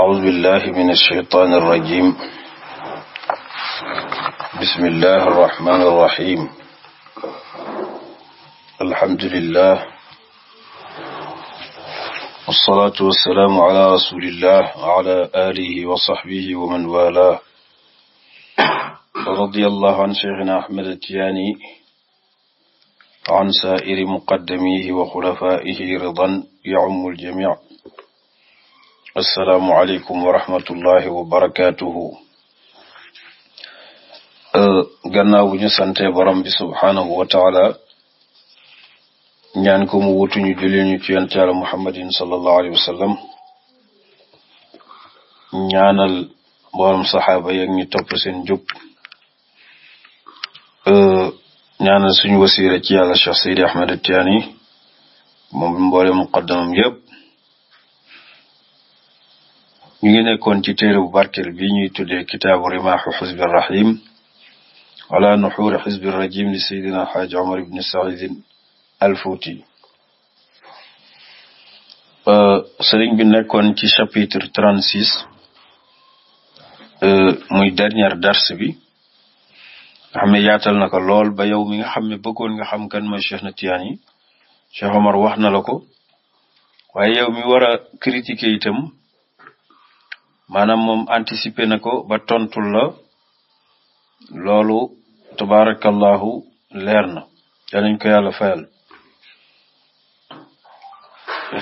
أعوذ بالله من الشيطان الرجيم بسم الله الرحمن الرحيم الحمد لله والصلاة والسلام على رسول الله وعلى آله وصحبه ومن والاه رضي الله عن شيخنا أحمد التياني وعن سائر مقدميه وخلفائه رضا يعم الجميع asalaamualeykum wa rahmatullahi wa barakaatuhu. Euh, gannaaw bu ñu sante borom bi subhaanahu wa taala ñaan ko mu wutuñu julli ñu ci yonent Yàlla muhammadin sallallahu alayhi wa sallam ñaanal borom saxaaba yeeg ñu topp seen jub euh, ñaanal suñu wasiira ci yàlla Cheikh Seydi Ahmed Tidiane moom mboole muqaddamam yëpp ñu ngi nekkoon ci téere bu barkeel bi ñuy tuddee kitaabu rimaaxu xisbi rahim wala nuxuuri xisbi rajim li sayidina alxaaj omar ibni saidin alfuuti sëriñ bi nekkoon ci chapitre trente six muy dernière dars bi nga xam yaatal na ko lool ba yow mi nga xam ne bëggoon nga xam kan mooy Cheikh na Tijaan yi Cheikh Omar wax na la ko waaye maanaam moom anticiper na ko ba tontul la loolu tabaarakallahu leer na danañ ko yàlla fayal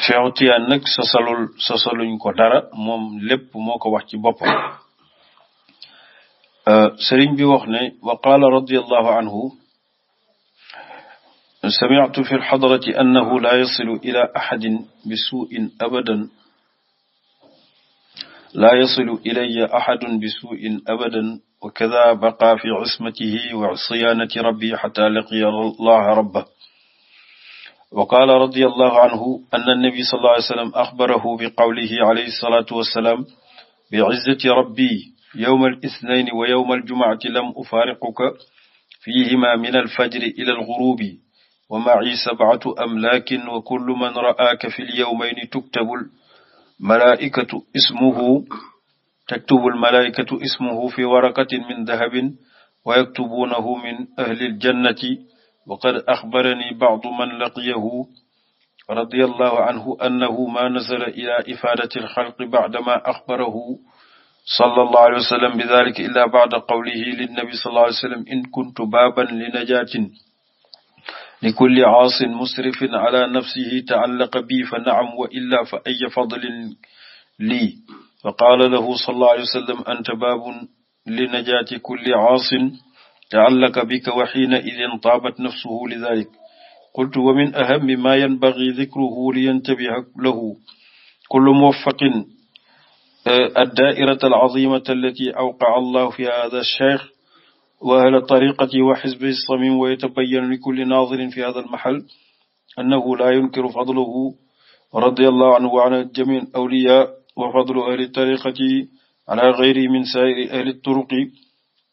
Cheikh Tiyaan nag sosalul sosaluñ ko dara moom lépp moo ko wax ci boppam euh, sëriñ bi wax ne wa qaala radiallahu anhu سمعت في الحضرة أنه لا يصل إلى أحد بسوء أبدا laa yasilu ilaya axadun bi suuin abadan wa kada baqa fi ismatihi wa siyaanati rabbi xata laqiya allaha rabba wa qaala radi allahu anhu anna annabi sallallahu alayhi wa sallam axbarahu bi qawlihi alayhi salaatu wassalaam bi izzati rabbi yowma alisnayni wa yowma aljumaati lam ufaariquka fihima min alfajri ila algurubi wa maci sabcatu amlaakin wa kullu man ra'aaka fi lyowmayni tuktabul malaikatu ismuhu taktubu almalaikatu ismuhu fi waraqatin min dahabin wa yaktubunahu min ahli aljannati wa qad axbarani bacdu man laqiyahu radiyallahu anhu annahu ma nazala ila ifaadati alxalqi bacdama axbarahu sallallahu alayhi wa sallam bidalika illa bacda qawlihi linnabi sallallahu alayhi wa sallam in kuntu baaban li najaatin likulli aasin musrifin ala nafsihi taallaqa bi fa naam wa illa fa aya fadlin lii fa qaala lahu sallallahu alayhi wa sallam anta baabun li najaati kulli aasin taallaqa bika wa xiina idin taabat nafsuhu li dalik qultu wa min ahami ma yanbagi dikruhu li yantabiha lahu kullu muwaffaqin addaairata alazimata allati awqaa allahu fi hada alcheikh وأهل طريقتي وحزبه الصميم ويتبين لكل ناظر في هذا المحل أنه لا ينكر فضله رضي الله عنه وعن جميع الأولياء وفضل أهل طريقتي على غيره من سائر أهل الطرق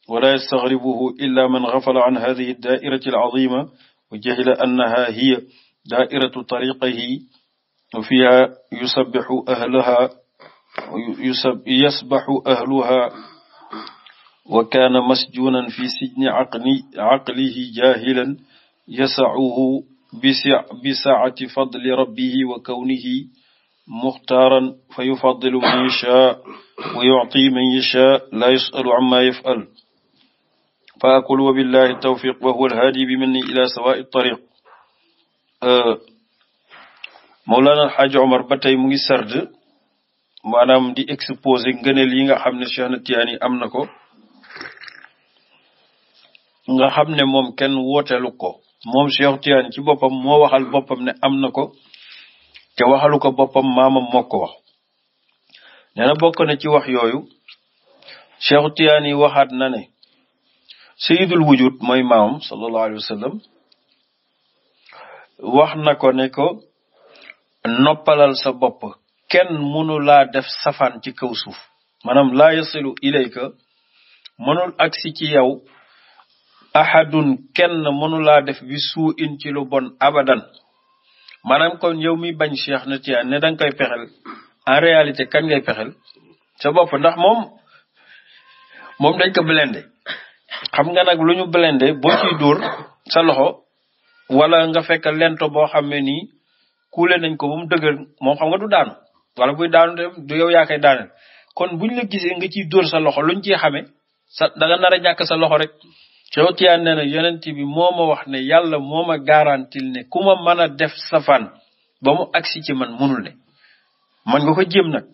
ولا يستغربه إلا من غفل عن هذه الدائرة العظيمة وجهل أنها هي دائرة طريقه وفيها يسبح أهلها يسبح أهلها wa kaana masjunan fi sijni aqli aqlihi jahilan yasacuhu bi saati fadli rabbihi wa kawnihi muxtaaran fa yufadilu man yashaa wa yucti man yashaa la yusalu amma yafal fa aqul wa billahi tawfiq wa huwa alhaadi bi manni ila sawaai tariq Mawlana Alxaaji Omar ba tey mu ngi sard maanaam di exposé ngëneel yi nga xam ne Cheikh na Tiyaani am na ko nga xam ne moom kenn wootelu ko moom Cheikh Tidiane ci boppam moo waxal boppam ne am na ko te waxalu ko boppam maamam moo ko wax nee na na ci wax yooyu Cheikh Tidiane yi waxaat na ne sayidul wujud mooy maam sallallahu alayhi wa sallam wax na ko ne ko noppalal sa bopp kenn mënu laa def safaan ci kaw suuf maanaam laa yasilu ilayka mënul agsi ci yow ahadun kenn mënulaa def bi suu in ci lu bon abadan maanaam kon yow mi bañ seex na Tijaan ne danga koy pexeel en réalité kan ngay sa bopp ndax moom moom dañ ko blende xam nga nag lu ñu blende boo ciy dóor sa loxo wala nga fekk lento boo xamee nii kuule nañ ko ba mu dëgër moom xam nga du daanu wala buy daanu dem du yow yaa koy daaneel kon buñ la gisee nga ciy dóor sa loxo luñ ciy xamee sa da nga nar a ñàkk sa loxo rek Cootiyaan nee na yonent bi moo ma wax ne yàlla moo ma garantil ne ku ma mën a def safaan ba mu agsi ci man munul ne man nga ko jéem nag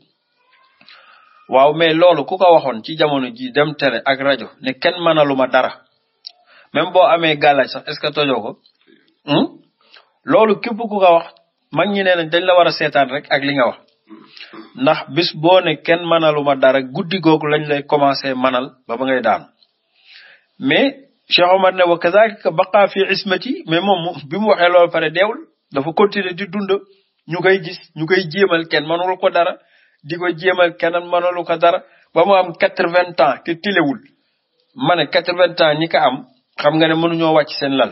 waaw mais loolu ku ko waxoon ci jamono jii dem télé ak rajo ne kenn mënalu dara même boo amee gàllaaj sax est-ce que tojoo ko hmm? loolu képp ku ko wax mag ñi nee nañ dañ la war a seetaan rek ak li nga wax ndax bis boo ne kenn mënalu ma dara guddi googu lañ lay commencé manal ba ba ngay daanu mais Cheikh Omar ne wa kazalika baqa fi ismati mais moom bi mu waxee loolu pare deewul dafa continuer di dund ñu koy gis ñu koy jéemal kenn mënul ko dara di ko jéemal kenn mënul ko dara ba mu am quatre vingt ans te tilewul ma ne quatre-vingts ans ñi ko am xam nga ne mënuñoo wàcc seen lal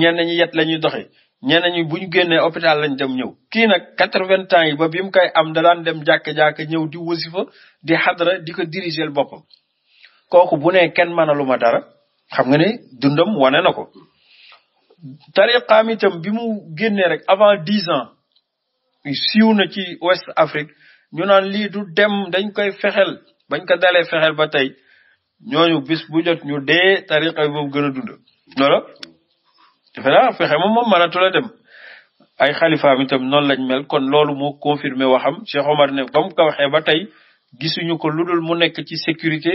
ñenn ñi yet la ñuy doxee ñenn ñi bu ñu génnee hôpital lañ dem ñëw. kii nag quatre-vingts ans yi ba bi mu koy am da daan dem jàkka-jàkka ñëw di wasifa di xadra di ko diriger boppam kooku bu ne kenn mënalu ma dara. xam nga ne dundam wane na ko tariqaam itam bi mu génnee rek avant dix ans siiw na ci Ouest Afrique ñu naan liidu dem dañ koy fexel bañ ko dalee fexel ba tey ñooñu bis bu jot ñu dee tariqa bi boobu gën a dund loola defe naa moom moom mënatu dem ay xalifaam itam noonu lañ mel kon loolu moo confirmé waxam Cheikh Omar ne ba mu ko waxee ba tey gisuñu ko lu dul mu nekk ci sécurité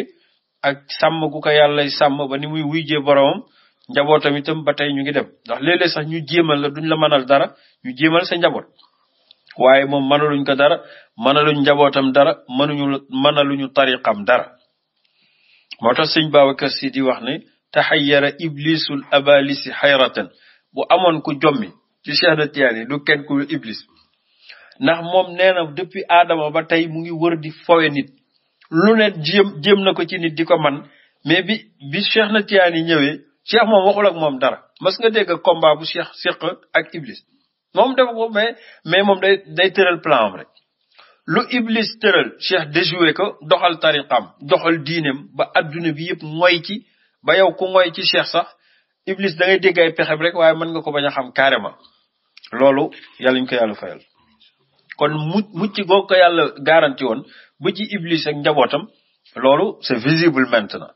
ak sàmm gu ko yàlla sàmm ba ni muy wuyjee boromam njabootam itam ba tey ñu ngi dem ndax léeg sax ñu jéemal la duñ la manal dara ñu jéemal sa njaboot waaye moom mënaluñ ko dara mënaluñ njabootam dara mënuñu mënaluñu tariqam dara moo tax sëñ Babacar Si di wax ne taxayyara iblisul abalisi xayratan bu amoon ku jommi ci Cheikh Tiyaani du kenn ku iblis ndax moom nee na depuis ba tey mu ngi wër di fowe nit lu ne jéem jéem na ko ci nit di ko man mais bi bi Cheikh na Tidiane yi ñëwee Cheikh moom waxul ak moom dara mës nga dégg combat bu Cheikh séq ak Iblis moom def ko mais mais moom day day tëral plan am rek lu Iblis tëral Cheikh déjoué ko doxal tariqam doxal diineem ba adduna bi yëpp mooy ci ba yow ku mooy ci Cheikh sax Iblis da ngay dégg pexem rek waaye mën nga ko bañ a xam carrément loolu yàlla ñu ko yàlla fayal kon mu mucc ko yàlla garanti woon ba ci iblis ak njabootam loolu c'est visible maintenant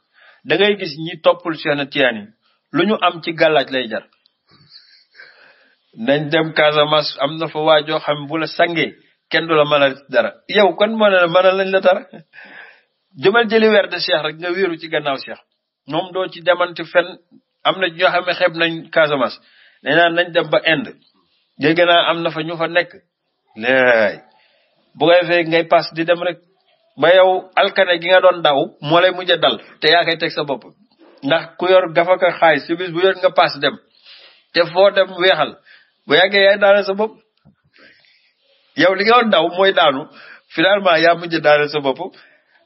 da dangay gis ñi toppul seen na yi lu ñu am ci gàllaaj lay jar nañ dem Casamance am na fa waajoo xam bu la sangee kenn du la mën a dara yow kon mën a mën a lañ la dara jëmal jëli weer de Cheikh rek nga wéeru ci gannaaw seex moom doo ci demante fenn am na ñoo xam ne nañ Casamance nee naa nañ dem ba Inde dégg am na fa ñu fa nekk léegi bu fee ngay paas di dem rek ba yow alkane gi nga doon daw moo lay mujj a dal te yaa koy teg sa bopp ndax ku yor gafaka xaalis su bis bu yor nga paas dem te foo dem weexal bu yàggee yaay daane sa bopp yow li nga doon daw mooy daanu finalement yaa mujj daane sa bopp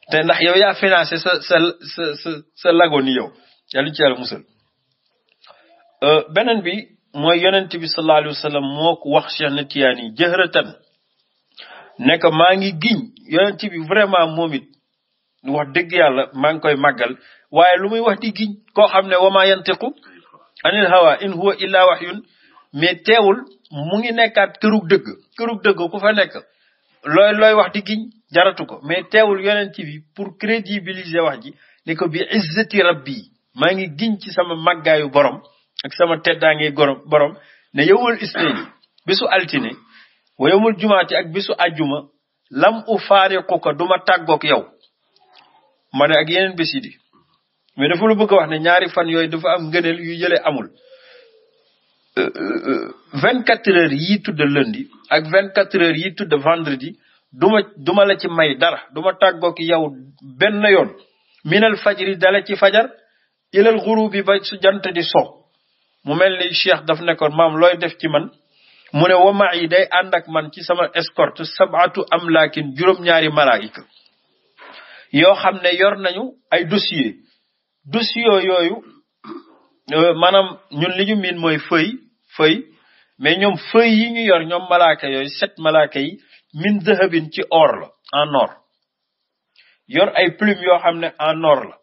te ndax yow yaa financé sa sa sa sa sa lagoon ni yow yàlla ñu ci yàlla euh, beneen bi mooy yonent bi sallallahu alayhi wa moo ko wax Cheikh na Tiyaani jëhratan ne ko maa ngi giñ yonent bi vraiment moom it wax dëgg yàlla maa ngi koy màggal waaye lu muy wax di giñ koo xam ne wama yantiqu anil hawa in huwa illa wahyun mais teewul mu ngi nekkaat kërug dëgg kërug dëgg ku fa nekk looy looy wax di giñ jaratu ko mais teewul yonent bi pour crédibiliser wax ji ne ko bi izzati rabbi maa ngi giñ ci sama màggaayu borom ak sama teddaange gorom borom ne yowul isnayni bésu altine wa yowmul jumaati ak bisu ajjuma lam u faariquka duma tàggook yow ma ne ak yeneen bés yi mais dafa lu bëgg wax ne ñaari fan yooyu dafa am ngëneel yu yële amul euh, euh, euh, vingt quatre heures yi tudd lundi ak vingt quatre heures yi tudd vendredi duma duma la ci may dara duma tàggoog yow benn yoon minal fajri dala ci fajar ilal xuru bi ba su jant di so mu mel ni cheikh daf nekkoon maam looy def ci man mu ne wa ma yi day ànd ak man ci sama escorte sabatu amlaakin juróom-ñaari malaayika yoo xam ne yor nañu ay dossier dossier yooyu euh, maanaam ñun li ñu miin mooy feuille feuille mais ñoom feuille yi ñu yor ñoom malaaka yooyu sept malaaka yi min dëhabin ci or la en or yor ay plume yoo xam ne en or la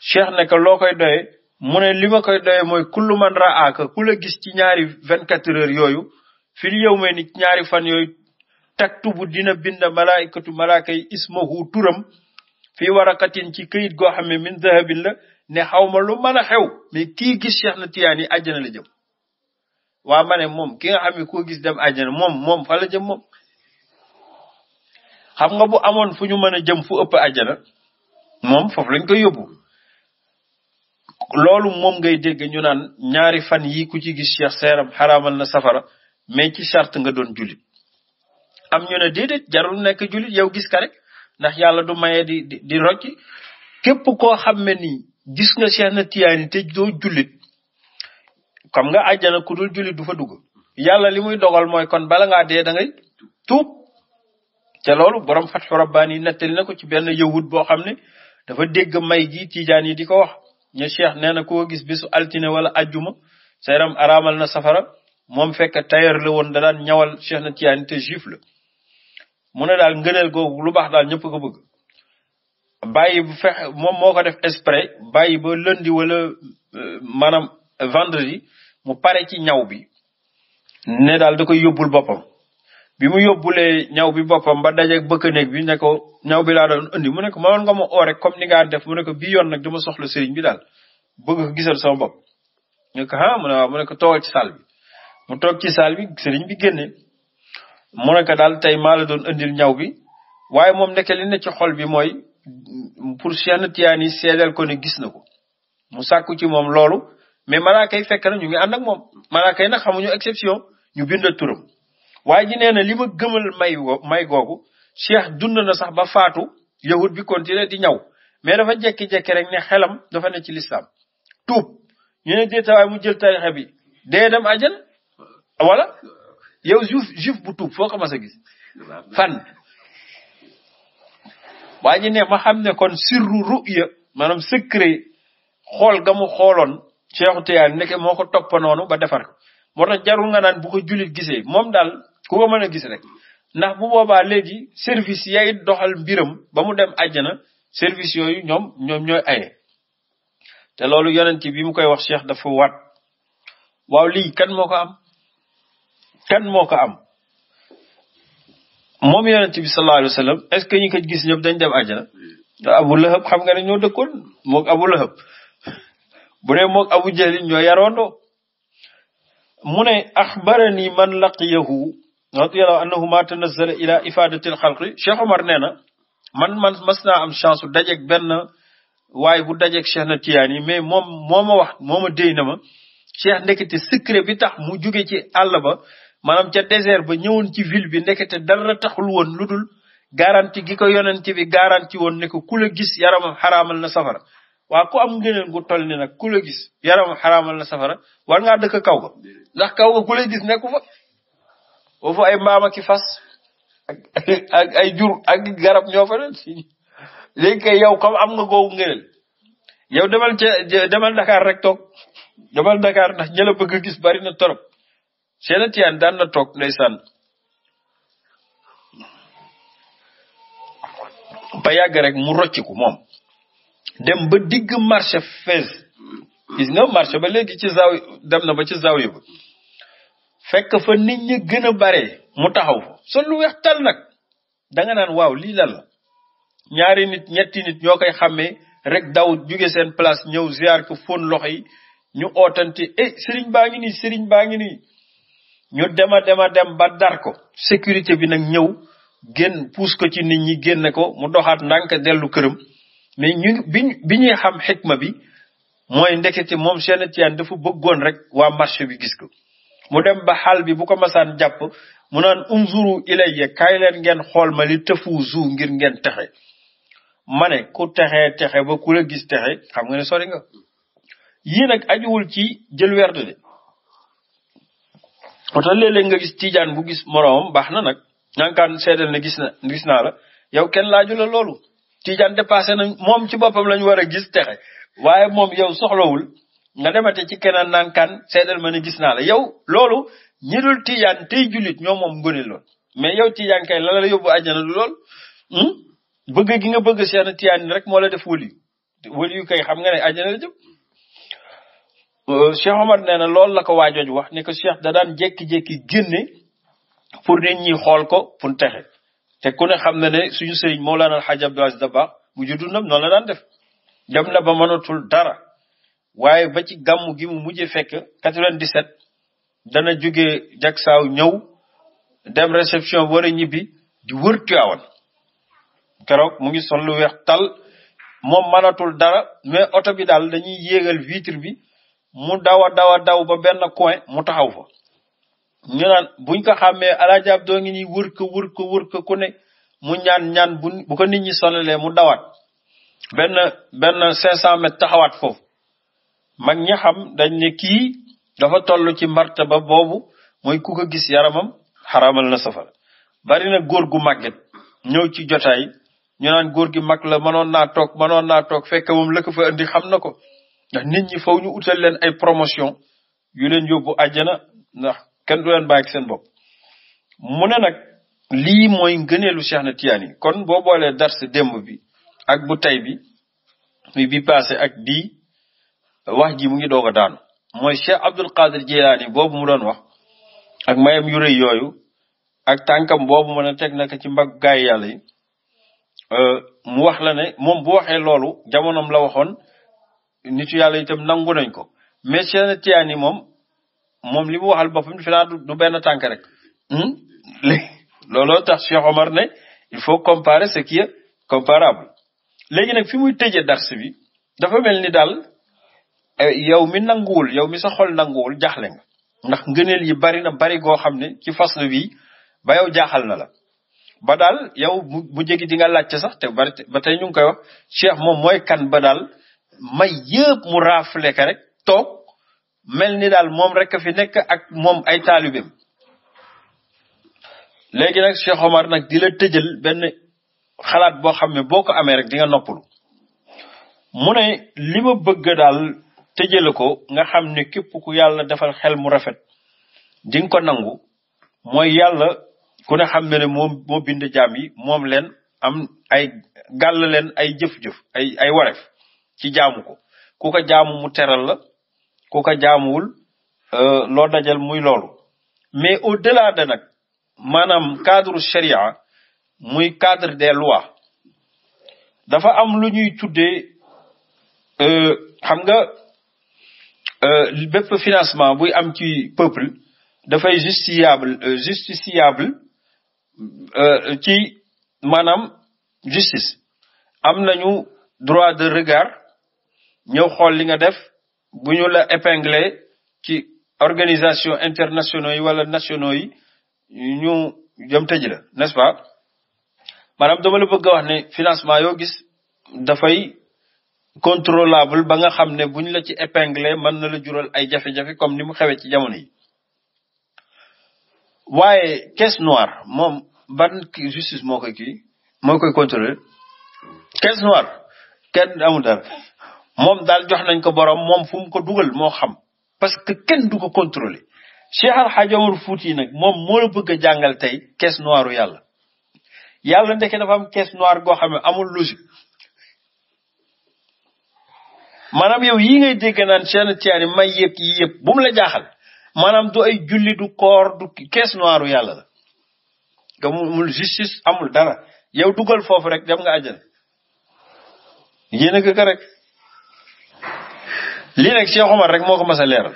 cheikh ne loo koy doyee mu ne li ma koy doye mooy kullu man raaka ku gis ci ñaari vingt quatre heures yooyu fil yow may ni ñaari fan yooyu taktubu dina bind malaikatu malaaka yi ismahu turam fii warakatin ci këyit goo xam ne min dahabin la ne xawma lu mën a xew mais kii gis Cheikh na Tijaan yi àjjana la jëm waa ma ne moom ki nga xam ne koo gis dem àjjana moom moom fa la jëm moom xam nga bu amoon fu ñu mën a jëm fu ëpp àjjana moom foofu lañ koy yóbbu loolu moom ngay dégg ñu naan ñaari fan yi ku ci gis cheikh seeram xaraamal na safara mais ci charte nga doon julit am ñu ne jarul nekk jullit yow gis ka rek ndax yàlla du maye di di di képp koo xam ne ni gis nga cheikh na tiyaani te doo jullit xam nga àjjana ku dul jullit du fa dugg yàlla li muy dogal mooy kon bala ngaa dee da ngay tuub te loolu borom fatxu rabbaani nettali na ko ci benn yahud boo xam ne dafa dégg may gi tijaan yi di ko wax ñu cheikh nee na koo gis bisu altine wala ajjuma sa yaram araamal na safara moom fekk tailleur la woon da daan ñawal cheikh na tiyaani te juif la mu ne daal ngëneel googu lu baax daal ñëpp ko bëgg bàyyi bu fexe moom moo ko def exprès bàyyi ba lundi wala euh, maanaam vendredi mu pare ci ñaw bi ne daal da koy yóbbul boppam bi mu yóbbulee ñaw bi boppam ba dajeeg bëkk-néeg bi ne ko ñaw bi laa doon indi mu ne ko mënoon nga ma oo rek comme ni ngaa def mu ne ko bii yoon nag dama soxla sëriñ bi daal bëgg ko gisal sama bopp. ñu ne ko ah, mu ne waaw mu ne ko toogal ci saal bi mu toog ci saal bi sëriñ bi génne mu ne ko daal tey maa la doon indil ñaw bi waaye moom nekk li ne ci xool bi mooy pour Cheikh Tidiane seedeel ko ne gis na ko mu sàkku ci moom loolu mais malaaka yi fekk na ñu ngi ànd ak moom malaaka yi nag xamuñu exception ñu bind turam. waaye ji nee na li ma gëmal may may googu cheikh dund na sax ba faatu yahut bi continuer di ñaw mais dafa jekki-jekki rek ne xelam dafa ne ci lislaam tuub ñu ne déetawaay mu jël tarixa bi dee dem àjjana wala yow juif juif bu tuub foo ko mas a gis fan waa ji ne ma xam ne kon sirru ruya maanaam secret xool ga mu xooloon Cheikhu Tidiane nekk moo ko toppa ba defar ko moo tax jarul nga naan bu ko jullit gisee moom daal ku ko mën a gis rek ndax bu boobaa léegi service yay doxal mbiram ba mu dem àjjana service yooyu ñoom ñoom ñooy aye te loolu yonent bi mu koy wax cheikh dafa waat waaw lii kan moo ko am kenn moo ko am moom yonent bi sallallahu alayhi wa est-ce que ñu ko gis ñëpp dañ dem àjjana te abu lahab xam nga ne ñoo dëkkoon moog abu lahab bu dee moog abu jahlin ñoo yaroondoo mu ne ni man laqiyahu radiyallahu anhu ma ila ifadati alxalqi Cheikh Omar nee na man man mas naa am chance dajeeg benn waaye bu dajeeg Cheikh na Tiyaani mais moom moo ma wax moo ma déy na ma Cheikh ndekete secret bi tax mu jóge ci àll ba maanaam ca désert ba ñëwoon ci ville bi ndekete dara taxul woon lu dul garanti gi ko yonent bi garanti woon ne ko ku la gis yaramam xaraamal na safara waa ku am ngëneen gu toll ni nag ku la gis yaramam na safara war ngaa dëkk kaw ga ndax kaw ga ku la foofu ay mbaam ki fas ak ay jur ak garab ñoo fa doon léegi kay yow comme am nga googu ngëneel yow demal ca demal Dakar rek toog demal Dakar ndax ña la bëgg gis bari na torop seen tiyaan daan na toog ndeysaan ba yàgg rek mu rocciku moom dem ba digg marché fees gis nga marché ba léegi ci zaw dem na ba ci zaw yi fekk fa nit ñi gën a bare mu taxaw fa lu weex tal nag danga naan waaw lii lan la ñaari nit ñetti nit ñoo koy xàmmee rek daw jóge seen place ñëw ziar ko loxo yi ñu ootante eh baa ngi nii sëriñ baa ngi nii ñu dema dema dem ba dar ko sécurité bi nag ñëw génn puus ko ci nit ñi génne ko mu doxaat ndànk dellu këram mais ñu bi ñuy xam xikma bi mooy ndekete moom seen tiyaan dafa bëggoon rek waa marché bi gis ko mu dem ba xal bi bu ko masaan jàpp mu naan unzuru ilayya kaay leen ngeen xool ma li tëfuuzu ngir ngeen texe ma ne ku texe texe ba ku la gis texe xam nga ne sori nga yii nag ajuwul ci jël werd de moo tax léeg nga gis tiijaan bu gis morom baax na nag ñankaan seedal ne gis na gis naa la yow kenn laaju la loolu tiijaan dépassé na moom ci boppam lañu war a gis texe waaye moom yow soxlawul nga demate ci kenaan naan kan seedal ma ne gis naa la yow loolu ñi dul tijaan tey jullit ñoom moom ngone lool mais yow tijaan kay la la yóbbu àjjana du lool hmm? bëgg gi nga bëgg seen tijaan rek moo la def wëli wëli kay xam nga ne àjjana la jëm Cheikh Omar nee na loolu la ko waajooj wax ne ko Cheikh da daan jékki-jékki génne pour nit ñi xool ko pour texe te ku xam na ne suñu sëriñ Mawlana Alxaaj Abdul Aziz bu ju dundam noonu la daan def dem na ba mënatul dara waaye ba ci gàmm gi mu mujje fekk 97 dana jóge jagsaaw ñëw dem réception war a ñibbi di wër Tiwaawan keroog mu ngi sol lu weex tal moom mënatul dara mais oto bi daal dañuy yéegal vitre bi mu daw a daw daw ba benn coin mu taxaw fa ñu naan buñ ko xàmmee alaajaab doo ngi ni wër ko wër ko ku ne mu ñaan ñaan bu bu nit ñi sonalee mu dawaat benn benn cinq cent mètres taxawaat foofu mag ña xam dañ ne kii dafa toll ci martaba boobu mooy ku ko gis yaramam xaramal na safara bari na góor gu màgget ñëw ci jotaay ñu naan góor gi mag la mënoon naa toog mënoon naa toog fekk moom la ko fa indi xam na ko ndax nit ñi faw ñu utal leen ay promotion yu leen yóbbu àjjana ndax kenn du leen bàyyi seen bopp mu ne nag lii mooy ngëneelu Cheikh na Tidiane yi kon boo boolee darse démb bi ak bu tey bi muy bi ak bii wax ji mu ngi doog a daanu mooy Cheikh Abdul Qadir Jilaani boobu mu doon wax ak mayam yu rëy yooyu ak tànkam boobu mën a teg naka ci mbag gaay yàlla euh, mu wax la ne moom bu waxee loolu jamonoom la waxoon nitu yàlla itam nangu nañ ko mais Cheikh Tiyaani moom moom li mu waxal boppam fi naa du benn tànk rek hmm? looloo tax Cheikh Omar ne il faut comparer ce qui est comparable léegi nag fi muy tëjee bi dafa mel ni daal Eh, yow mi nanguwul yow mi sa xol nanguwul jaaxle nga ndax ngëneel yi bari na bari goo xam ne ci faslu bi ba yow jaaxal na la ba daal yow bu jegi di nga laajte sax te bari ba tey ñu ngi koy wax cheikh moom mooy kan ba daal may yëpp mu raafle ka rek toog mel ni daal moom rek fi nekk ak moom ay taalibeem léegi nag Cheikh Omar nag di la tëjal benn xalaat boo xam ne boo ko amee rek di nga noppalu mu ne li ma bëgg daal tëjale ko nga xam ne képp ku yàlla defal xel mu rafet ding ko nangu mooy yàlla ku ne xam ne ne moom moo bind jaam yi moom leen am ay gàll leen ay jëf-jëf ay ay wareef ci jaamu koka ku ko jaamu mu teral la ku ko jaamuwul euh, loo dajal muy loolu mais o delà de nag maanaam cadre sharia muy cadre des lois dafa am lu ñuy tuddee euh, xam Euh, bépp financement buy am ci peuple dafay justifiable euh, justifiable euh, ci maanaam justice am nañu droit de regard ñëw xool li nga def bu ñu la épinglé ci organisation internationaux yi wala nationaux yi ñu jëm tëj la n'est-ce pas maanaam dama la bëgg wax ne financement yoo gis dafay contrôlable ba nga xam ne buñ la ci épinglé mën na la jural ay jafe-jafe comme ni mu xewee ci jamono yi waaye caisse noire moom ban justice moo koy kii moo koy contrôler caisse noire kenn amul dara moom daal jox nañ ko borom moom fu ko dugal moo xam parce que kenn du ko contrôler Cheikh Al Hadj Omar nag moom mo la bëgg a jàngal tey caisse noire yàlla yàlla ndeke dafa am caisse noire goo xam ne amul logique maanaam yow yii ngay dégg naan seen tiyaani may yëg yi yëpp bu la jaaxal maanaam du ay julli du koor du kees noiru yàlla la te mu justice amul dara yow dugal foofu rek dem nga àjjana yéen a ka rek lii nag Cheikh Omar rek moo ko mas a leeral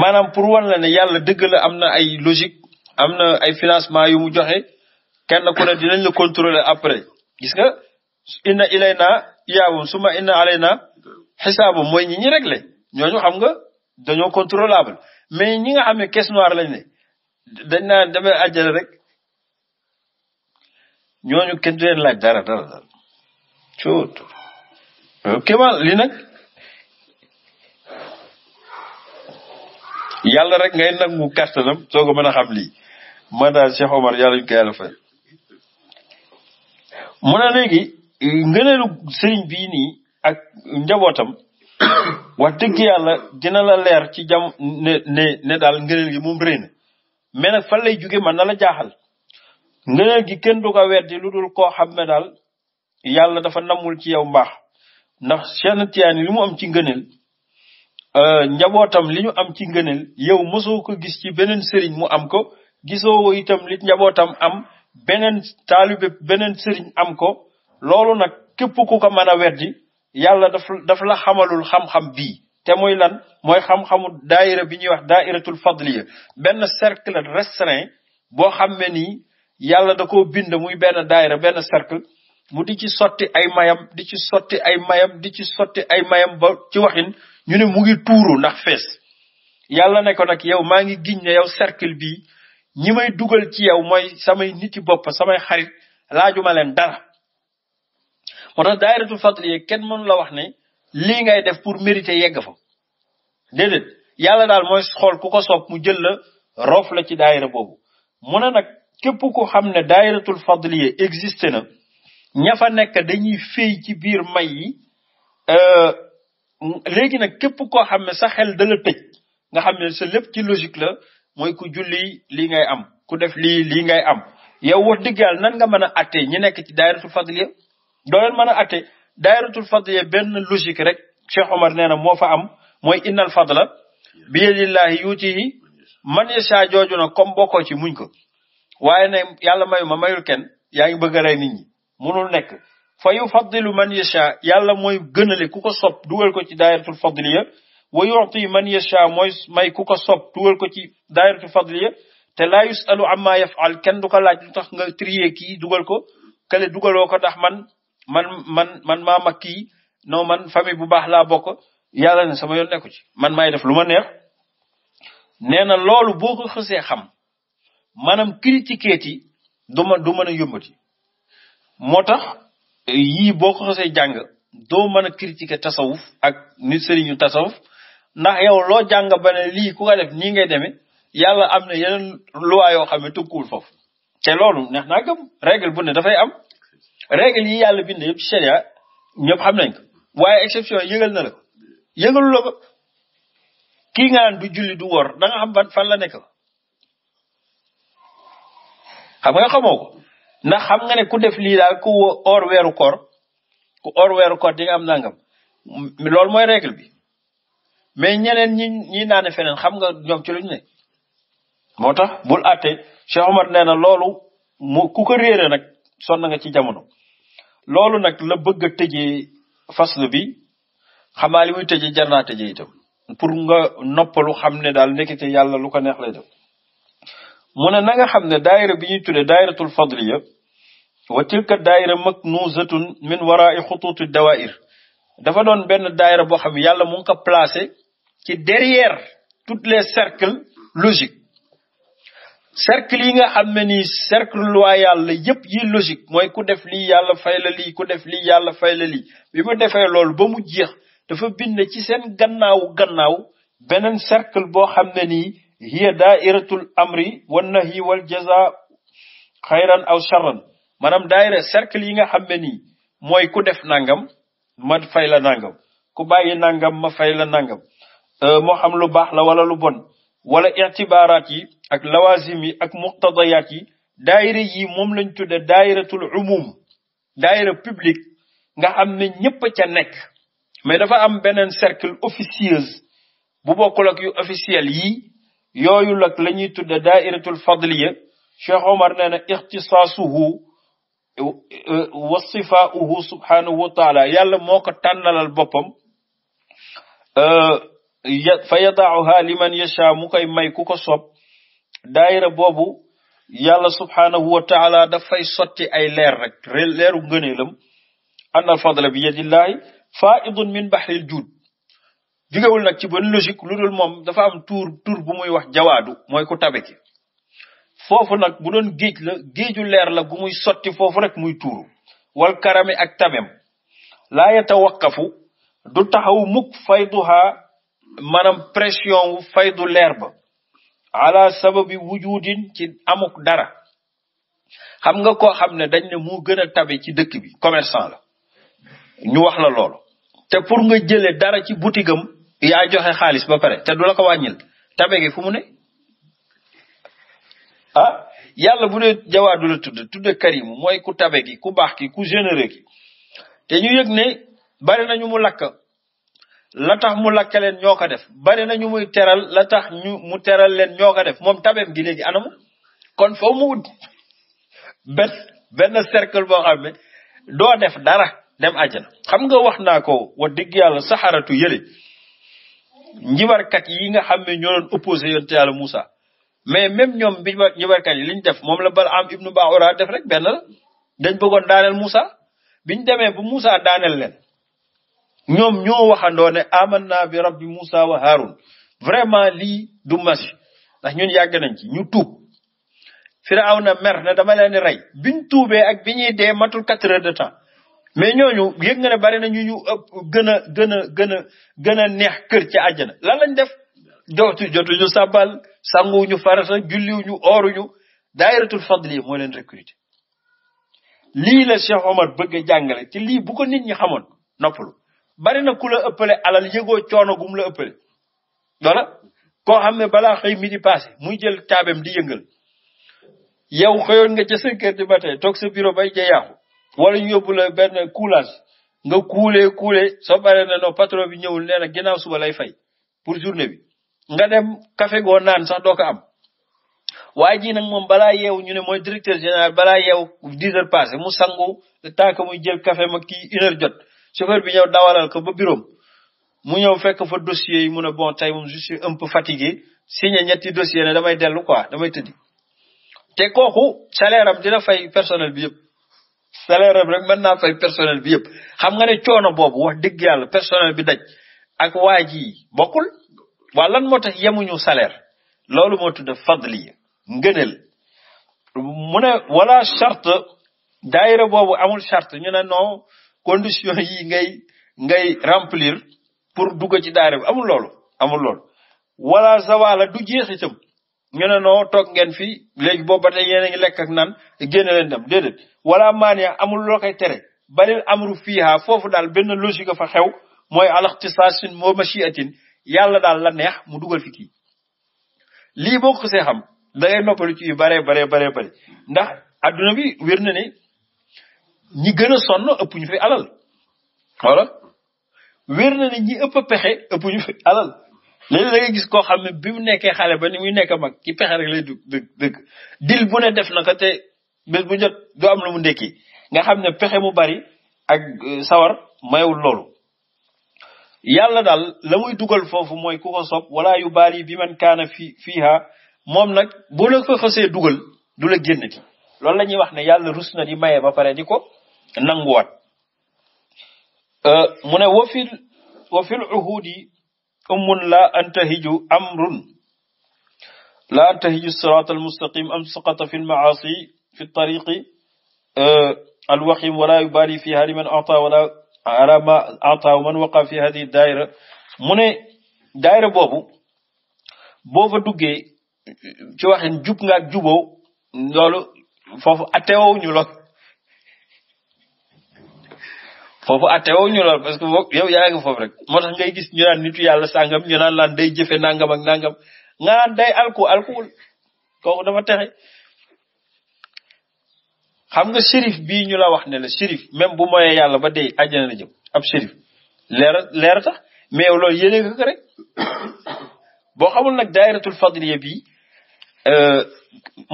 maanaam pour wan la ne yàlla dëgg am na ay logique am na ay financement yu mu joxe kenn ku ne dinañ la contrôler après gis nga inna ilayna iyaabum suma inna alayna xisaabu mooy ñi ñi réglé ñooñu xam nga dañoo contrôlable mais ñi nga xam ne caisse noire dañ naa demee àjjana rek ñooñu kenn du leen dara dara dara coot euh, li nag yàlla rek nga ngay mu kàttanam soo ko mën a xam lii man daal Cheikh Omar yàlla ñu ko yàlla mu ne léegi ngëneelu sëriñ bii ak njabootam wax dëgg yàlla dina la leer ci jam ne daal ngëneel gi moom rëy na mais fan lay jóge man na la jaaxal ngëneel gi kenn du ko lu dul koo xam ne daal yàlla dafa namul ci yow mbaax ndax Cheikh Tiyaani li mu am ci ngëneel euh, njabootam li am ci ngëneel yow mosoo ko gis ci beneen sëriñ mu am ko gisoo itam li njabootam am beneen taalibe beneen sëriñ am ko loolu nag képp ku ko mën a weddi yàlla daf daf la xamalul xam-xam bii te muy lan mooy xam-xamu daaira bi ñuy wax daairatul fadliya benn cercle restreint boo xam ne nii yàlla da koo bind muy benn daaira benn cercle mu di ci sotti ay mayam di ci sotti ay mayam di ci sotti ay mayam ba ci waxin ñu ne mu ngi tuuru ndax fees yàlla ne ko nag yow maa ngi giñ ne yow cercle bii ñi may dugal ci yow mooy samay niti bopp samay xarit laajuma leen dara moo tax daayiratul fadliya kenn mënu la wax ne lii ngay def pour mériter yegg fa déedéet yàlla daal mooy xool ku ko sook mu jël la roof la ci daayira boobu mu ne nag képp ko xam ne daayiratul fadliya existe na ña fa nekk dañuy féey ci biir may yi euh, léegi nag képp koo xam ne sax xel da tëj nga xam ne sa lépp ci logique la mooy ku julli lii ngay am ku def lii lii ngay am yow wax dëgg yàlla nan nga mën a àttee ñi nekk ci daayiratul fadliya doo leen mën a atte daayratul fadl benn logique rek Cheikh Omar nee na moo fa am mooy innal fadla bi yadillahi yuutihi man yasha jooju na comme bokkoo ci muñ ko waaye ne yàlla mayu ma mayul kenn yaa ngi bëgg a rey nit ñi munul nekk fa yufaddilu man yasha yàlla mooy gënale ku ko sopp dugal ko ci daayratul fadliya wa yuti man yasha mooy may ku ko sopp dugal ko ci daayratul fadliya te laa yusalu amma yafal kenn du ko laaj lu tax nga trier ki dugal ko dugaloo ko ndax man man man man maa mag kii noo man famille bu baax laa bokk yàlla ne sama yoon nekku ci man maay def lu ma neex nee na loolu boo ko xësee xam maanaam critiqueet yi du ma du mën a yombati moo tax yii boo ko xësee jàng doo mën a critiquer tasawuf ak nit sëriñu tasawuf ndax yow loo jàng ba ne lii ku ko nii ngay deme yàlla am na yeneen loi yoo xam ne tëkkuwul foofu te loolu neex naa gëm règle bu ne dafay am règle yi yàlla bind yëpp sharia ñëpp xam nañ ko waaye exception yëgal na la ko yëgalu la ko kii du julli du wor da xam fan la nekk xam nga xamoo ndax xam nga ne ku def lii daal ku or weeru koor ku weeru koor di nga am nangam loolu mooy règle bi mais ñeneen ñi ñi naan feneen xam nga ñoom ci luñ ne moo tax bul àtte Cheikh Omar nee na loolu mu ku ko réere nag sonn nga ci jamono loolu nag la bëgg a tëjee fasl bi xamaa li muy tëjee jar naa tëjee nga noppalu xam ne daal nekkite yàlla lu ko neex lay def mu ne nanga xam ne daayira bi ñuy tuddee daayiratul fadliya wa tilka daayira maknuzatun min waraai xutuuti dawair dafa doon benn daayira boo xam ne yàlla mu ngi ko placé ci derrière toutes les cercles logiques cercle yi nga xam ne nii cercle loi yàlla yëpp yi logique mooy ku def lii yàlla fay la lii ku def lii yàlla fay la lii bi mu defee loolu ba mu jeex dafa bind ci seen gannaaw gannaaw beneen cercle boo xam ne nii hiya daairatul amri wan nahyi wal jaza xayran aw charran maanaam daaira cercle yi nga xam ne nii mooy ku def nangam ma fay la nangam ku bàyyi nangam ma fay la nangam euh, moo xam lu baax la wala lu bon wala itibaaraat yi ak lawazim yi ak muqtadayaat yi daayira yi moom lañ tudde daayiratul umum daayira publique nga xam ne ñëpp ca nekk mais dafa am beneen cercle officieuse bu bokkul ak yu officiel yi yooyu nag la ñuy tudde daayiratul fadliya Cheikh Omar nee na wa sifaauhu subhanahu wa taala yàlla moo ko tànnalal boppam euh, fa yadaaha liman yasha mu koy may ku ko sopp daayira boobu yàlla subhaanahu wa taala dafay sotti ay leer rek leeru ngëneelam an al fadla bi yadillahi faidun min bahril juud jugewul nag ci benn logique lu dul moom dafa am tuur tuur bu muy wax jawaadu mooy ku tabe ki foofu nag bu doon géej la géeju leer la gu muy sotti foofu rek muy tuuru wal karami ak tabem laa yatawaqafu du taxaw mukk fayduha maanaam pression wu faydu leer ba ala sababi wujudin ci amuk dara xam nga koo xam ne dañ ne mu gën a tabe ci dëkk bi commerçant la ñu wax la loolu te pour nga jële dara ci boutique am joxe xaalis ba pare te du la ko wàññil tabe gi fu mu ne ah yàlla bu dee jawaadu la tudd tudd karim mooy ku tabe gi ku baax ki ku généreux gi te ñu yëg ne bari nañu mu lakk la tax mu lakke leen ñoo ko def bari na ñu muy teral la tax ñu mu teral leen ñoo ko def moom tabeem gi léegi anamu kon foomu mu wut benn benn cercle boo xam ne doo def dara dem àjjana xam nga wax naa ko wa dëgg yàlla saxaratu yële njibarkat yi nga xam ne ñoo doon opposé yonte yàlla Moussa mais même ñoom bi njibarkat yi liñ def moom la Balaam ibnu Baura def rek benn la dañ bëggoon daaneel Moussa biñ demee bu Moussa daaneel leen ñoom ñoo waxandoo ne amanna bi rabbi Moussa wa Haroun vraiment lii du masi ndax ñun yàgg nañ ci ñu tuub na mer ne dama leen di rey biñ tuubee ak biñ ñuy matul quatre heures de temps mais ñooñu yëg nga ne bari na ñu ñu ëpp gën a gën a gën a gën a neex kër ci àjjana lan lañ def dootu jotuñu sàbbal sanguwuñu farata julliwuñu ooruñu daayiratul fadli moo leen recruter lii la Cheikh bëgg a jàngale te lii bu nit ñi xamoon noppalu bari na ku la ëpple alal yëgoo coono gum la ëppale loola koo xamee ne balaa xëy mi di passé muy jël caabeem di yëngal yow xëyoon nga ca sa di ba tey sa bureau bay ja yàqu wala ñu yóbbu la benn coulage nga kuulee kuulee soo paree ne non patron bi ñëwul nee na ginnaaw suba lay fay pour journée bi nga dem café goo naan sax doo am waaye jii nag moom balaa yeewu ñu ne mooy directeur général balaa yeewu dix heures mu sangu tànk muy jël kafe ma ki une jot chauffeur bi ñëw dawalal ko ba bureau mu ñëw fekk fa dossier yi mu a bon tey moom je suis peu fatigué signé ñetti dossier ne damay dellu ko damay tëddi te kooku salaire am dina fay personnel bi yëpp salaire am rek mën naa fay personnel bi yëpp xam nga ne coono boobu wax dëgg yàlla personnel bi daj ak waa ji bokkul waa lan moo tax yemuñu salaire loolu moo tudd fadli ngëneel mu wala charte daayira boobu amul charte ñu ne non condition yi ngay ngay remplir pour dugg ci daara bi amul loolu amul loolu wala zawala du jeex itam ñu ne noo toog ngeen fi léegi boobu ba tey yéen lekk ak naan génn leen dem déedéet wala maaniya amul loo koy tere balil amru fiha foofu daal benn logique a fa xew mooy ci alaxtisaasin moo machiatin yàlla daal la neex mu dugal fi kii lii boo ko see xam da ngay noppalu ci yu baree bare baree bëri ndax adduna bi wér na ni ñi gën a sonn fi alal wala wér na ne ñi ëpp a pexe ëpp ñu fi alal léegi da ngay gis koo xam ne bi mu nekkee xale ba ni muy nekk mag ki pexe rek lay dugg dëgg bu ne def na te bés bu jot du am mu ndekki nga xam ne pexe mu bari ak euh, sawar mayewul loolu yàlla daal la muy dugal foofu mooy ku ko sob wala yu baari bi man kaana fi fiiha moom nag boo la fa dugal du la génnati loolu la ñuy wax ne yàlla rus na di maye ba pare di ko nanguwaat euh, mu ne wa fil wa fil uhudi ummun la antahiju amrun la antahiju sirat almustaqim am saqata fi euh, lmaasi fi tariqi alwaxim wala yubali fiha liman ata wala ala ma ata man waqa fi hadi daayira mu ne daayira boobu boo fa duggee ci waxin jub nga ak juboo loolu foofu atewoo ñu lool foofu attewo ñu parce que yow yaa ngi foofu rek moo tax ngay gis ñu naan nitu yàlla sàngam ñu naan laan day jëfe nangam ak naa nga naan day alku alkuwul kooku dafa texe xam nga shérif bii ñu la wax ne la shérif même bu moyee yàlla ba dee àjjana la jëm ab shérif leer mais yow loolu yéene ko rek boo xamul nag daayiratul fadliya bii euh,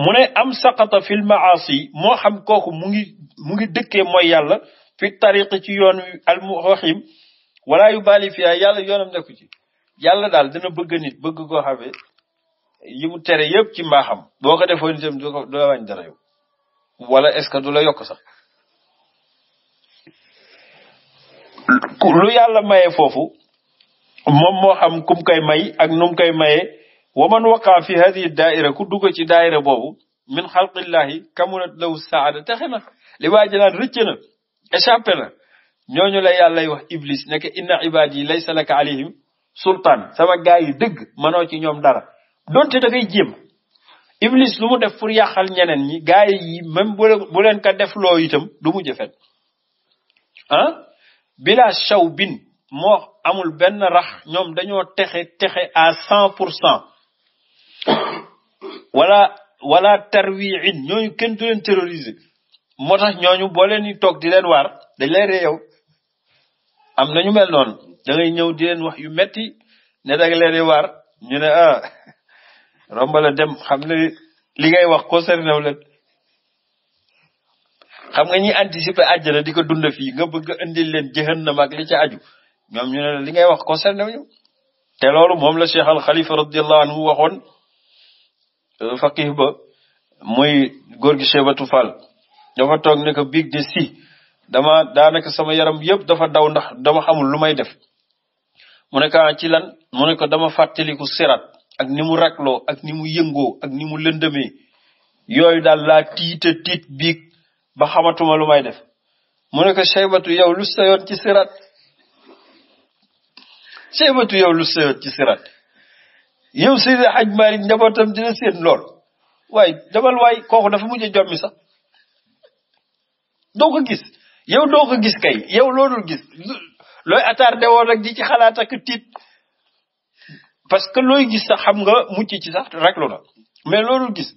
mu ne am saqata fil maasi moo xam kooku mu ngi mu ngi dëkkee mooy yàlla fi tariqi ci yoon al muhim wala yu bali fiya yàlla yoonam nekku ci yàlla daal dana bëgg nit bëgg koo xamee yi mu tere yëpp ci mbaaxam boo ko defoon itam du ko la wàññi dara yow wala est ce que du la yokk sax lu yàlla maye foofu moom moo xam kum koy may ak num koy maye waman waqa fi hadihi daaira ku dugg ci daaira boobu min xalqillahi kamunat lahu saada texe na li waa ji naan échappé na ñooñu la yàllay wax iblis nekk inna ibaad yi laysa laka alayhim sultaan sama gaay yi dëgg mënoo ci ñoom dara donte da ngay jéem iblis lu mu def pour yàqal ñeneen ñi gaay yi même bu leen ka def loo itam du mu jëfet ah bila shaw bin moo amul benn rax ñoom dañoo texe texe à cent pour cent wala wala tarwiin ñooñu kenn du leen terroriser moo tax ñooñu boo leen toog di leen waar dañ lay réew am na ñu mel noonu da ñëw di leen wax yu metti ne da nga leen di waar ñu ne ah rombala dem xam ne li ngay wax concerné wu leen xam nga ñi anticiper àjjana di ko dund fii nga bëgg indi leen jëhannam ak li ci aju ñoom ñu ne li ngay wax concerné wu ñu te loolu moom la Cheikh Al Khalifa radiyallahu anhu waxoon euh, faqih ba muy góor gi Cheikh dafa toog ne ko biig de si dama daanaka sama yaram yëpp dafa daw ndax dama xamul lu may def mu nekka ko ah, ci lan mu ne ko dama fàttaliku serat ak ni mu rakloo ak ni mu yëngoo ak ni mu lëndëmee yooyu daal laa tiita tiit biig ba xamatuma lu may def mu ne ko Seybatu yow lu sa yoon ci sirat Seybatu yow lu sa yoon ci sirat yow Seydi Hajj Maalik njabootam dina seen lool waaye demal waay kooku dafa mujj a jommi sax doo ko gis yow doo ko gis kay yow loolu gis looy attardé woon rek di ci xalaat ak tiit parce que looy gis sax xam nga mucc ci sax raglu na mais loolu gis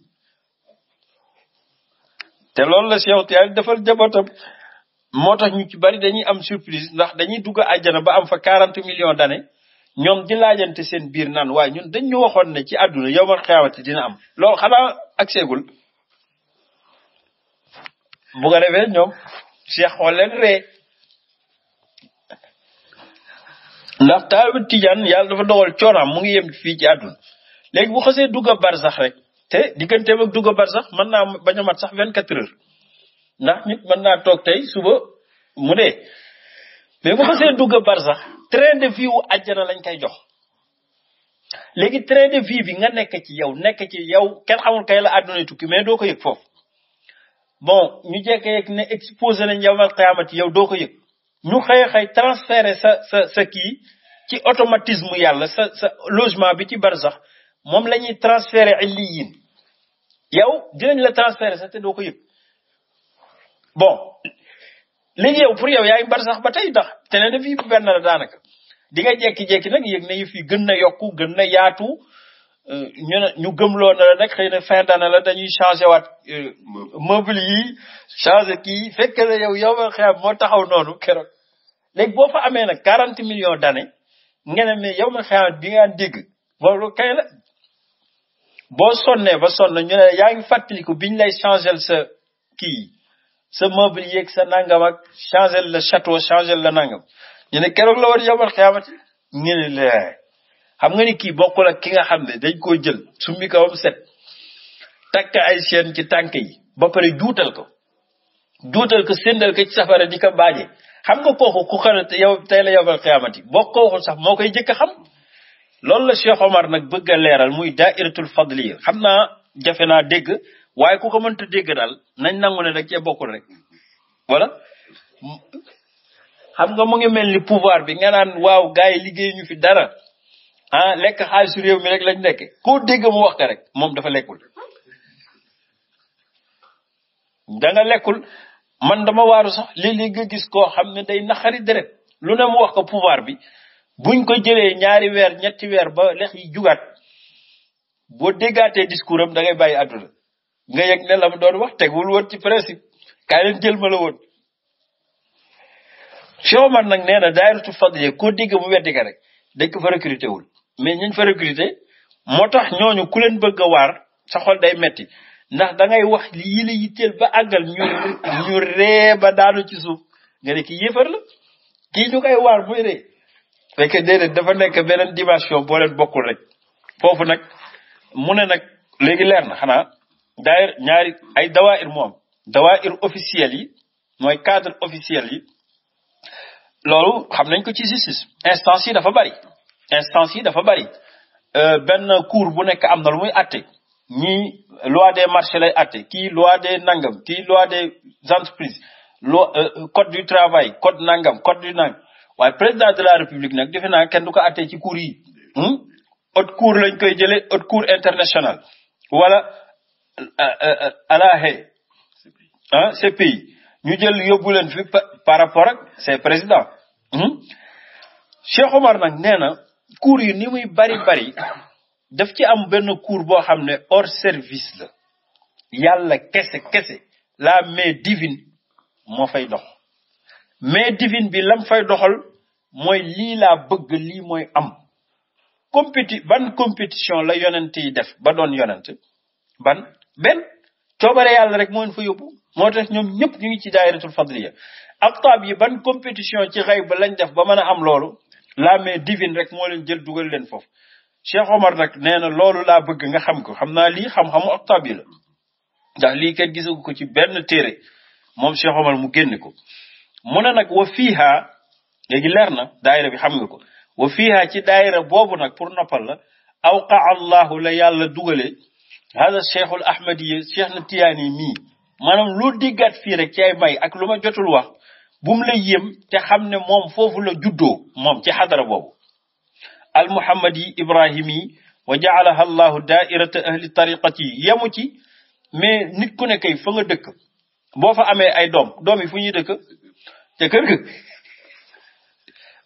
te loolu la Cheikh Tidiane defal jabootam moo tax ñu ci bari dañuy am surprise ndax dañuy dugg àjjana ba am fa 40 millions d'années ñoom di laajante seen biir naan waaye ñun dañ ñu waxoon ne ci àdduna yow man xeewati dina am loolu xanaa ak seegul bu ko defee ñoom Cheikh xool leen ree ndax taawu Tijaan yàlla dafa dogal coonaam mu ngi yem fii ci àdduna léegi bu xasee dugg a bar sax rek te digganteem ak dugga bar sax mën naa bañ a mat sax vingt quatre heures ndax nit mën naa toog tey suba mu dee mais bu xasee dugg a bar sax train de vie wu àjjana lañ koy jox léegi train de vie bi nga nekk ci yow nekk ci yow kenn xamul kay la àdduna tukki mais doo ko yëg foofu bon ñu jekke yeg ne exposé nañ yowmal qiyaamati yow doo ko yëg ñu xëy xëy transféré sa sa sa kii ci automatisme yàlla sa sa logement bi ci barzax moom lañuy la ñuy transféré illiyin yow dinañ la transféré sax te doo ko yëg bon léegi yow pour yow yaay barzax ba tey ndax te ne na fii benn la daanaka di nga jekki-jekki nag yëg ne yëf yi gën na yokku gën na yaatu Euh, ñu ne ñu gëmloo na la nag xëy na fin d'année la dañuy changé waat euh, meuble yi changé kii fekk na yow yow ma xiyam moo taxaw noonu keroog léegi boo fa amee nag quarante million d'années nga ne mais yow ma xiyam bi nga dégg loolu kay boo sonnee ba sonn ñu ne yaa ngi fàttaliku biñ lay changé sa kii sa meuble yeeg sa nangam ak changé la château changé la nangam ñu ne keroog la war yow ma xiyamati ñu ne la xam nga ni kii bokkul ak ki nga xam ne dañ koo jël summi kawam set takk ay chaîne ci tànk yi ba pare juutal ko juutal ko séndal ko ci safara di ko baaje xam nga kooku ku xana yow tey la yowal xiyaamati sax moo koy jëkk xam loolu la Cheikh Omar nag bëgg a leeral muy daairatul fadliya xam naa jafe naa dégg waaye ku ko mënta dégg dal nañ nangu ne rek cee bokkul rek voilà xam nga mu ngi mel ni pouvoir bi nga naan waaw gars yi liggéey ñu fi dara ah lekk xaalisu réew mi rek lañ nekk koo dégg mu wax ko rek moom dafa lekkul danga lekkul man dama waaru sax léeg-léeg nga gis koo xam ne day naxari deret lu ne mu wax ko pouvoir bi buñ ko jëlee ñaari weer ñetti weer ba lex jugaat boo déggaatee discours am da ngay bàyyi àdduna nga yëg ne la mu doon wax tegul woon ci principe kaay leen jël ma la woon Cheikh Omar nag nee na daayiratu fadliya ko dégg mu weddi ka rek dañ ko fa recruté wul mais ñañ fa recruter moo tax ñooñu ku leen bëgg a waar sa xol day metti ndax dangay wax lii la yitteel ba àggal ñu ñu ree ba daanu ci suuf nga ne kii la kii ñu koy waar muy ree fekk déedéet dafa nekk beneen dimension boo leen bokkul rek foofu nag mu ne nag léegi leer na xanaa daayir ñaari ay dawaayir moom am dawaayir officiel yi mooy cadre officiel yi loolu xam nañ ko ci justice instance yi dafa bari instance yi dafa bari euh, benn cour bu nekk am na lu muy atte ñii loi des marchés lay atte kii loi des nangam kii loi des entreprises loi euh, euh, code du travail code nangam code du nang waaye président de la république nag defe naa kenn du ko atte ci cour yi hmm? haute cour lañ koy jëlee haute cour internationale wala à La Haye ah CPI ñu jël yóbbu leen fi par rapport ak ses président hmm? Cheikh Omar nag nee na cours yi ni muy bari bari daf ci am benn cours boo xam ne hors service la yàlla kese kese la mais divine moo fay dox mais divine bi lam fay doxal mooy lii la bëgg li mooy am compéti ban compétition la yonent yi def ba doon yonent ban benn coobare yàlla rek moo leen fa yóbbu moo tax ñoom ñëpp ñu ngi ci daayiratul fadliya ak tab yi ban compétition ci xayb lañ def ba mën a am loolu la main divine rek moo leen jël dugal leen foofu Cheikh Omar nag nee na loolu laa bëgg nga xam ko xam naa lii xam-xamu octobre bi la ndax lii kenn gisagu ko ci benn téere moom Cheikh Omar mu génn ko mu ne nag wa fiiha léegi leer na daayira bi xam nga ko wa fiiha ci daayira boobu nag pour noppal la awqa allahu la yàlla dugale hada cheikhul ahmadiya cheikh na tiyaani mii maanaam lu diggaat fii rek ci ay may ak lu ma jotul wax bu mu la yëm te xam ne moom foofu la juddoo moom ci xadara boobu al muhammadi ibrahimi wa jaalaha llahu daairata ahli tariqati yemu ci mais nit ku ne kay fa dëkk boo fa amee ay doom doom yi fu ñuy dëkk te kër ga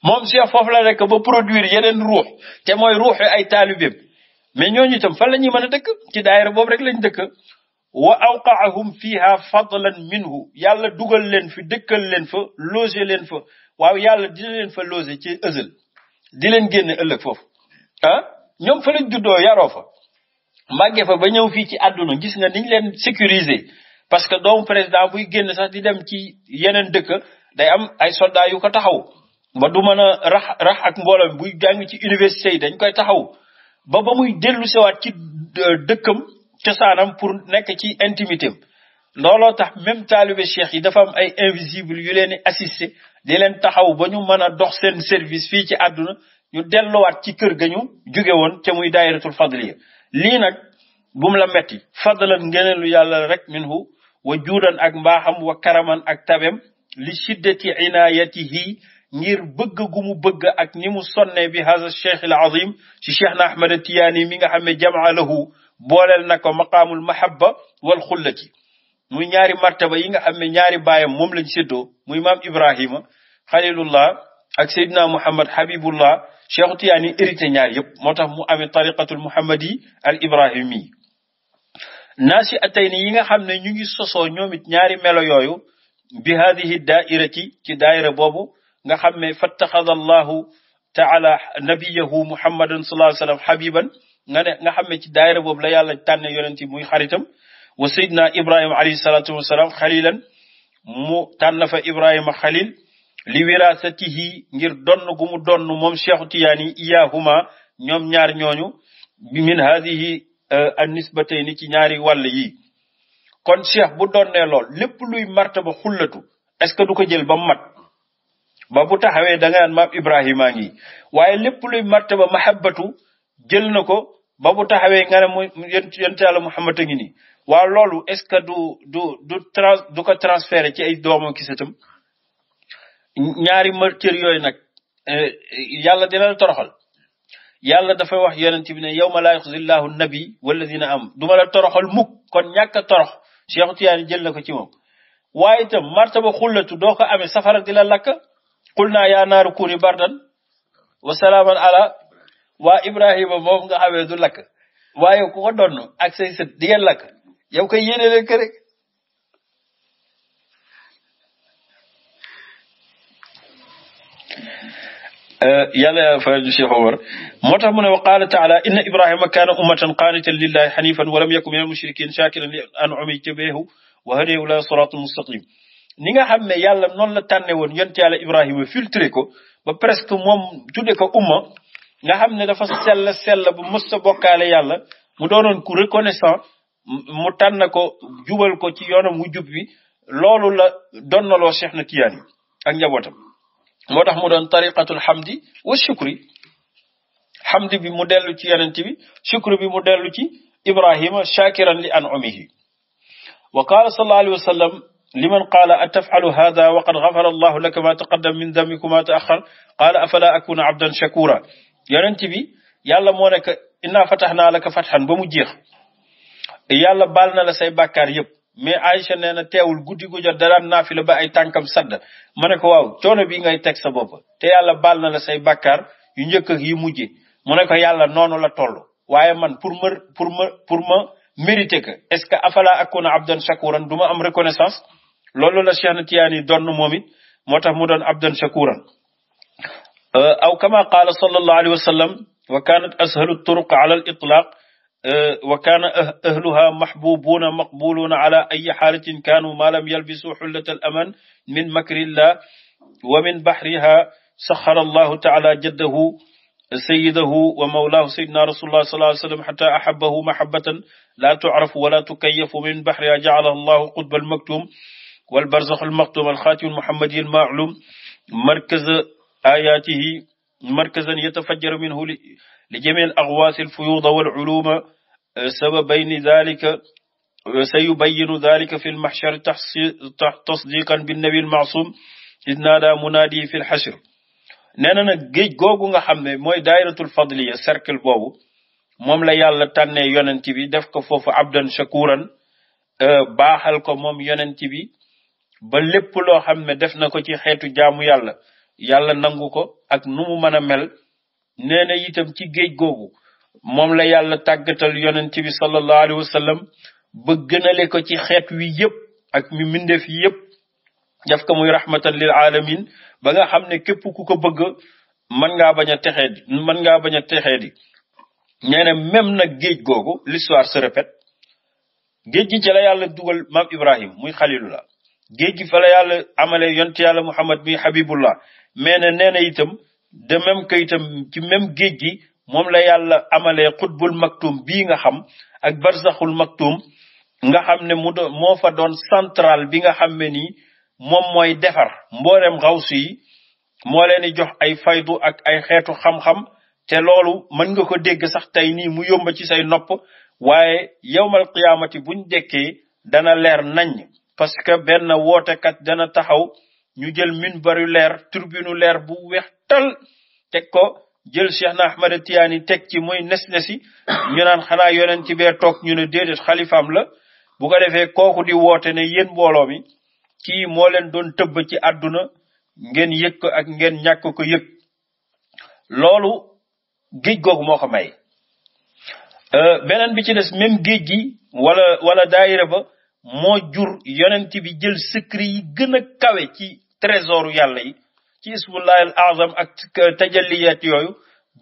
moom Cheikh foofu la rek ba produire yeneen ruux te mooy ruuxu ay taalibeem mais ñooñu itam fan la ñuy mën a dëkk ci daayira boobu rek lañ dëkk wa aw awqaahum fiha fadlan minhu yàlla dugal leen fi dëkkal leen fa loger leen fa waaw yàlla dina leen fa loger ci ësël di leen génne ëllëg foofu ah ñoom fa lañ juddoo yaroo fa màggee fa ba ñëw fii ci àdduna gis nga niñ leen sécuriser parce que doomu président buy génn sax di dem ci yeneen dëkk day am ay soldats yu ko taxaw ba du mën a rax rax ak mbooloo buy jàng ci université yi dañ koy taxaw ba ba muy dellu siwaat ci euh, dëkkam cosaanam pour nekk ci intimité am looloo tax même taalibe cheikh yi dafa am ay invisible yu leen di assister di leen taxaw ba ñu mën a dox seen service fii ci àdduna ñu delluwaat ci kër ga ñu jóge woon te muy daayiratul fadliya lii nag bu mu la metti fadlan ngeneelu yàlla rek minhu wa juudan ak mbaaxam wa karaman ak tabem li shiddati inayatihi ngir bëgg gu mu bëgg ak ni mu sonne bi haza cheikh al azim ci cheikh na ahmad tiyaani mi nga xam ne jamaa lahu booleel na ko maqaamul mahabba wal xullati muy ñaari martaba yi nga xam ne ñaari baayam moom lañ séddoo muy maam Ibrahima xalilullah ak Seydina mu Habibullah Cheikh Tiyaani hérité ñaar yëpp moo tax mu amee tariqatul Muhammad yi al Ibrahim yi. naasi atay ni yi nga xam ne ñu ngi soso ñoom it ñaari melo yooyu bi hadihi daairati ci daaira boobu nga xam ne fattaxada allahu taala nabiyahu mu sallallahu alayhi wa sallam habiban nga ne nga xam ne ci daayira boobu la yàlla tànne yonent yi muy xaritam wa sayidna ibrahima alayhi salatu wasalaam xalilan mu tànn fa ibrahima xalil li wirasatihi ngir donn gu mu donn moom cheikhu tiyaani iyahuma ñoom ñaar ñooñu min hadihi euh, an nisbatayni ci ñaari wàll yi kon cheikh bu donnee lool lépp luy martaba xullatu est ce que du ko jël ba mat ba bu taxawee da nga naan maam ibrahima ngi waaye luy martaba mahabbatu jël na ko ba bu taxawee nga ne mu yonent yàlla Muhammad a ngi nii waaw loolu est-ce que du du du trans du ko transféré ci ay doomam ki tam ñaari martyr yooyu nag eh, yàlla dina la toroxal yàlla dafay wax yonent bi ne yawma laa yaxzi llaahu nabi walladina am duma la toroxal muk kon ñàkk a torox Cheikh Tiyaani jël na ko ci moom waaye itam martaba xullatu doo ko amee safara di la lakk qul naa yaa naaru bardan wa salaaman ala waa Ibrahima moom nga xamee du lakk waaye ku ko donn ak say di ngeen lakk yow koy yéene leen kër rek eh, yàlla fa Cheikh Omar mu ne wa qaala taala inna ibrahima kaana ummatan qaanitan lillahi xanifan walam yakun min almushrikin shakiran li an'umihi jabaahu wa hadahu ila siraatin mustaqim ni nga xam ne yàlla noonu la tànne woon yonent yàlla ibrahima filtré ko ba presque moom tudde ko umma nga xam ne dafa sell sell bu mës a bokkaale yàlla mu doonoon ku reconnaissant mu tànn ko jubal ko ci yoonam mu jub bi loolu la donnaloo Cheikh na Tiyaani ak njabootam moo tax mu doon tariqatul xamdi wa shukri xamdi bi mu dellu ci yonent bi shukri bi mu dellu ci Ibrahima shakiran li an umihi wa qaala sallallahu alayhi wa sallam liman qaala a taf'alu hada wa qad gafara allahu laka ma taqaddam min dambika ma taaxar qaala afala akuna abdan shakura yonent bi yàlla moo nekk innaa fatax naa la ko fatxan ba mu jeex yàlla baal na la say bàkkaar yëpp mais Aïcha nee na teewul guddi gu jot daraan naa fi la ba ay tànkam sadd ma ne ko waaw coono bi ngay teg sa bopp te yàlla baal na la say bàkkaar yu njëkk yi yu mujj mu nekk yàlla noonu la toll waaye man pour ma pour ma pour ma mérité que est ce que afala akuna abdan shakuran du ma am reconnaissance loolu la Cheikh na Tiyaani donn moom it moo tax mu doon abdan shakuran aw kama qaala sallallahu alayhi wa sallam wa kaanat ashalu turuq ala al itlaq wa kaana ahluha mahbubuuna maqbuluuna ala ayi xaalatin kaanu maa lam yalbisu xullata al aman min makrillah wa min bahriha saxara allahu taala jaddahu sayidahu wa mawlaahu sayidina rasulullah sallallahu alayhi wa sallam xata ahabahu mahabatan laa tucrafu wala tukayafu min baxriha jacala allahu qutba almaktum walbarzax almaktum alxaatim almuhammadi almaalum markaz ayaatihi markazan yatafajjaru minhu li jamii al axwaas al fuyuuda wal uluuma e, sababayni dalika e, sayubayyinu dalika fi lmaxshar tasdiqan binnabi almaasum id naadaa munaadi fi lxashr nee na nag géej googu nga xam ne mooy daayiratul fadliya cercle boobu moom la yàlla tànnee yonent bi def ko foofu abdan shakuran e, baaxal ko moom yonent bi ba lépp loo xam ne def na ko ci xeetu jaamu yàlla yàlla nangu ko ak nu mu mën a mel nee na itam ci géej googu moom la yàlla tàggatal yonent bi sallallahu alayhi wa sallam ba gënale ko ci xeet wi yëpp ak mi mbindeef yi yëpp def ko muy rahmatan lil alamin ba nga xam ne képp ku ko bëgg mën ngaa bañ a texee di mën ngaa bañ a texee di nee na même nag géej googu l'histoire se géej gi ci la yàlla dugal maam Ibrahim muy xalilu la géej gi fa la yàlla amale yonent yàlla Muhammad bi Habibullah mais ne nee na itam de même ci même géej gi moom la yàlla amalee xutbul maktum bii nga xam ak barzaxul maktum nga xam ne mu moo fa doon central bi nga xam ne nii moom mooy defar mboolem xawsu yi moo leen di jox ay faydu ak ay xeetu xam-xam te loolu mën nga ko dégg sax tey nii mu yomb ci say nopp waaye yowmal qiyaamati buñ dekkee dana leer nañ parce que benn wootekat dana taxaw ñu jël bari leer turbinu leer bu weex tal teg ko jël Cheikh na Ahmada Tiyaani teg ci muy nes nesi ñu naan xanaa yonent ci bee toog ñu ne déedéet xalifaam la bu ko defee kooku di woote ne yéen mbooloo mi kii moo leen doon tëbb ci àdduna ngeen yëg ko ak ngeen ñàkk ko yëg loolu géej googu moo ko may euh, beneen bi ci des même géej gi wala wala daayira ba moo jur yonent bi jël secret yi gën a kawe ci trésoru yàlla yi ci ismullahi al azam ak tajalliyat yooyu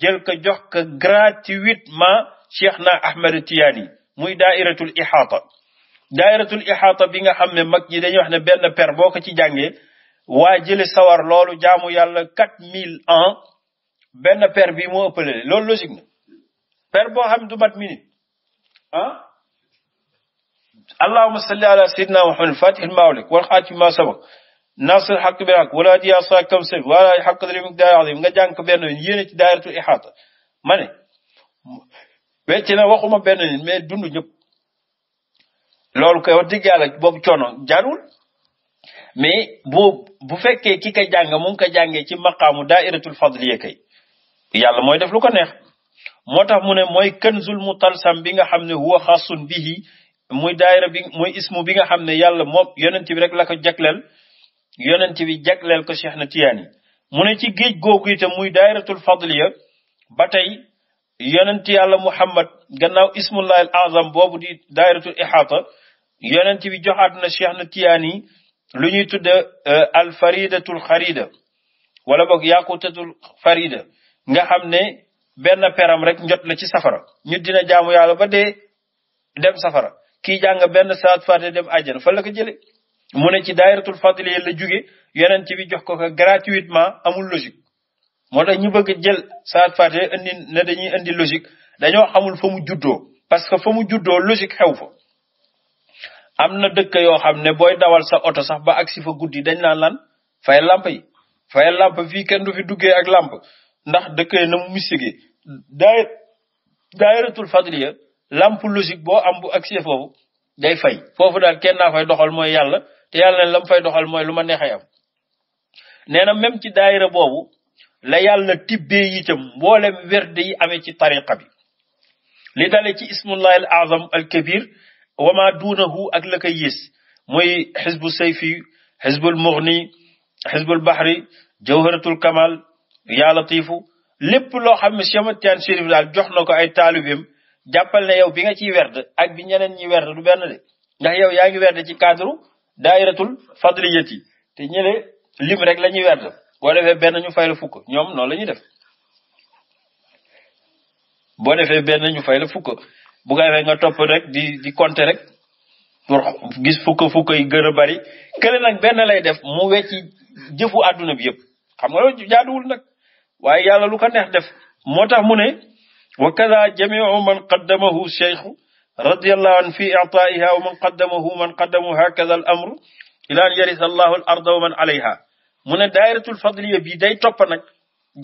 jël ko jox ko gratuitement cheikh na ahmed tiyaani muy daairatul ihaata daairatul ihaata bi nga xam ne mag ñi dañuy wax ne benn per boo ko ci jàngee wa jële sawar loolu jaamu yàlla quatre mille ans benn per bi moo ëppale loolu logique na per boo xam ne du mat minute ah allahuma salli ala sayyidina muhammad fatih ma sabaq nasr xaq bi xaq wala jiyaa sa kamsëg wala xaq drim daa adim nga jàng benn yoon yéene ci daayiratu ixaata ma ne na waxuma benn nit mais dund ñëpp loolu koy wax dëgg yàlla coono jaarul mais bu bu ki ka jàng mu ngi jàngee ci maqaamu daairatul fadliya kay yàlla mooy def lu ko neex moo tax mu ne mooy kanzul mutalsam bi nga xam ne huwa xasun bihi muy daaira bi muy ismu bi nga xam ne yàlla moom yonent bi rek la ko jagleel yonent bi jagleel ko Cheikh na Tiyaani mu ne ci géej googu itam muy daayiratul fadliya ba tey yonent yàlla Muhammad gannaaw ismullahi al azam boobu di daayiratul ihaata yonent bi joxaat na Cheikh na Tiyaani lu ñuy tudde eh, al faridatul xarida wala boog yaakutatul farida nga xam ne benn peram rek njot la ci safara ñu dina jaamu yàlla ba dee dem safara ki jàng benn saat fàtte dem àjjana fa la ko jële mu ne ci daayiratul fadli la jóge ci bi jox ko ko gratuitement amul logique moo tax ñu bëgg jël saat fate indi ne dañuy indi logique dañoo amul fa mu juddoo parce que fa mu juddoo logique xew fa am na dëkk yoo xam ne booy dawal sa oto sax ba agsi fa guddi dañ naan lan fay làmp yi fayal làmp fii kenn du fi duggee ak làmp ndax dëkk yi na mu mistige daay daayiratul fadliya lamp logique boo am bu agsi foofu day fay foofu daal kenn naa doxal mooy yàlla yàlla ne la mu fay doxal mooy lu ma neexee am nee na même ci daayira boobu la yàlla tibbee itam mboolem werd yi amee ci tariqa bi li dale ci ismullahi al azam al kabir wama duunahu ak la koy yées mooy xisbu sayfi xisbul mughni xisbul bahri jawharatul kamal yaa latifu lépp loo xam ne Cheikh Tijaan Chérif daal jox na ko ay taalibeem jàppal ne yow bi nga ci werd ak bi ñeneen ñi werd du benn de ndax yow yaa ngi werd ci cadre daairatul fadliyati te ñële lim rek la ñuy werd boo defee benn ñu fay la fukk ñoom noonu la ñuy def boo defee benn ñu fay la fukk bu ko nga topp rek di di conté rek gis fukk fukk yi gën a bari kële nag benn lay def mu wecci jëfu àdduna bi yëpp xam nga loolu jaaduwul nag waaye yàlla lu ko neex def moo tax mu ne wa kada jamiu man qaddamahu cheikhu radiyallahu an fi itaiha wa man qaddamahu man qaddamu hakada al amru ila an yarisa allahu al arda wa man alayha mu ne daayiratul fadliya bi day toppa nag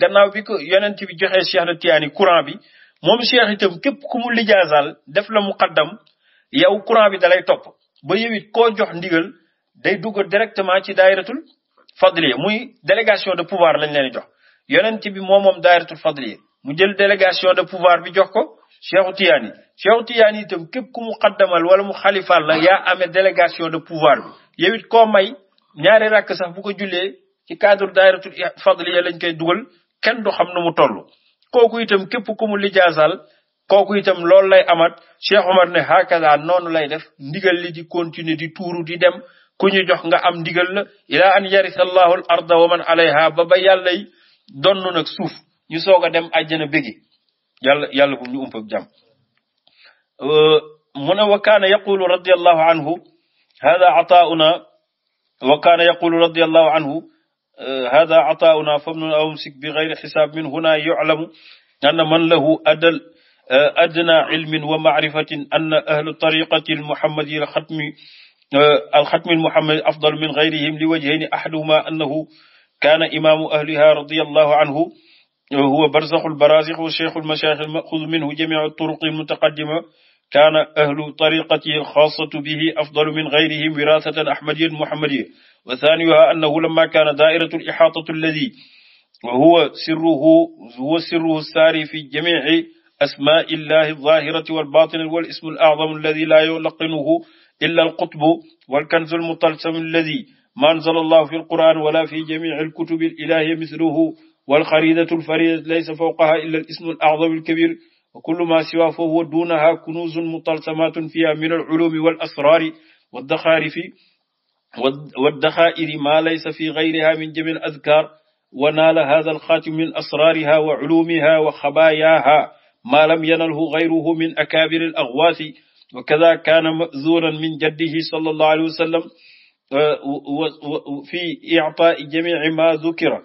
gannaaw bi ko yonent bi joxee Cheikh na Tiyaani courant bi moom Cheikh itam képp ku mu lijaasal def la mu qaddam yow courant bi dalay topp ba yow it koo jox ndigal day dugg directement ci daayiratul fadliya muy délégation de pouvoir lañ leen jox yonent bi moom moom daayiratul fadliya mu jël délégation de pouvoir bi jox ko Cheikh Tidiane Cheikh Tidiane itam képp ku mu xaddamal wala mu xalifaal la yaa ame délégation de pouvoir bi yow may ñaari rakk sax bu ko julee ci cadre dairatul fadliya lañ koy dugal kenn du xam nu mu toll kooku itam képp ku mu lijaasal kooku itam loolu lay amat Cheikh Omar ne hakada noonu lay def ndigal li di continuer di tuuru di dem ku ñu jox nga am ndigal la ila an yarisa allahu arda wa man alayha ba ba yàllay donn nag suuf ñu soog a dem àjjana bégi yàlla yàlla bu ñu ump ak jàmm euh, mu ne wa kaana yaqulu radiallahu anhu hada ataauna wa kaana yaqulu radiallahu anhu euh, hada ataauna famnun aw amsik bi gayri xisaab min huna yuclamu anna man lahu adal euh, adna ilmin wa macrifatin anna ahlu tariqati almuhammadi alxatmi alxatmi almuhammadi afdal min gayrihim li wajhayni axaduhuma annahu kaana imaamu ahliha radiallahu anhu huwa barzaxul baraasixu cheikhul mashaayix al maxuudu minhu jamiicu turuqi mutaqaddima kaana ahlu tariqati alxaasatu bihi afdalu min gayrihim wiraasatan ahmadiyyan muhammadiyya wa saaniha annahu lamma kaana daairatu alixaatatu alladi wa huwa sirruhu huwa sirruhu saari fi jamiici asmaa'i llahi alzaahirati walbaatinati wal ismu alaczamu alladi laa yulaqinuhu illa alqutbu walkanzu almutalsamu alladi ma anzala allahu fi alqur'an wala fi jamiici alkutubi alilahiyya misluhu والخريدة الفريدة ليس فوقها إلا الاسم الأعظم الكبير وكل ما سواه فهو دونها كنوز مطلسمات فيها من العلوم والأسرار والدخارف والدخائر ما ليس في غيرها من جميع الأذكار ونال هذا الخاتم من أسرارها وعلومها وخباياها ما لم ينله غيره من أكابر الأغواث وكذا كان مأذونا من جده صلى الله عليه وسلم في إعطاء جميع ما ذكر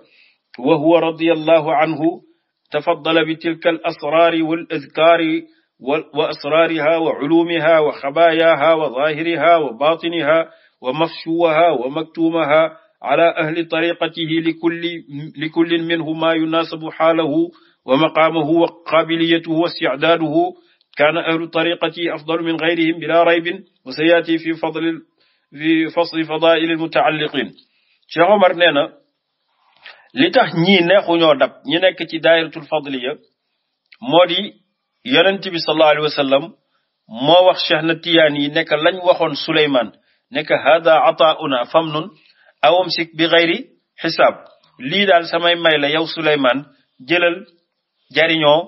wa huwa radiyallahu anhu tafaddala bi tilka al asraari wal adkaari wa asraariha wa culuumiha wa xabaayaaha wa zaahiriha wa baatiniha wa mafshuwaha wa maktuumaha ala ahli tariqatihi likulli likullin minhu maa yunaasabu xaalahu wa maqaamahu wa qaabiliyatuhu wa isticdaaduhu kaana ahlu tariqati afdalu min gayrihim bilaa raybin wa sayaati fi fadli fi fasli fadaa'ili almutaalliqin Cheikh Omar nee na li tax ñii neexuñoo dab ñu nekk ci daayiratul fadliya moo di yonent bi sallallahu alayhi moo wax cheikh na tiyaan yi nekk lañ waxoon suleyman nekk hada ataauna famnun awam sik bi xayri xisaab lii daal samay may la yow suleyman jëlal jariñoo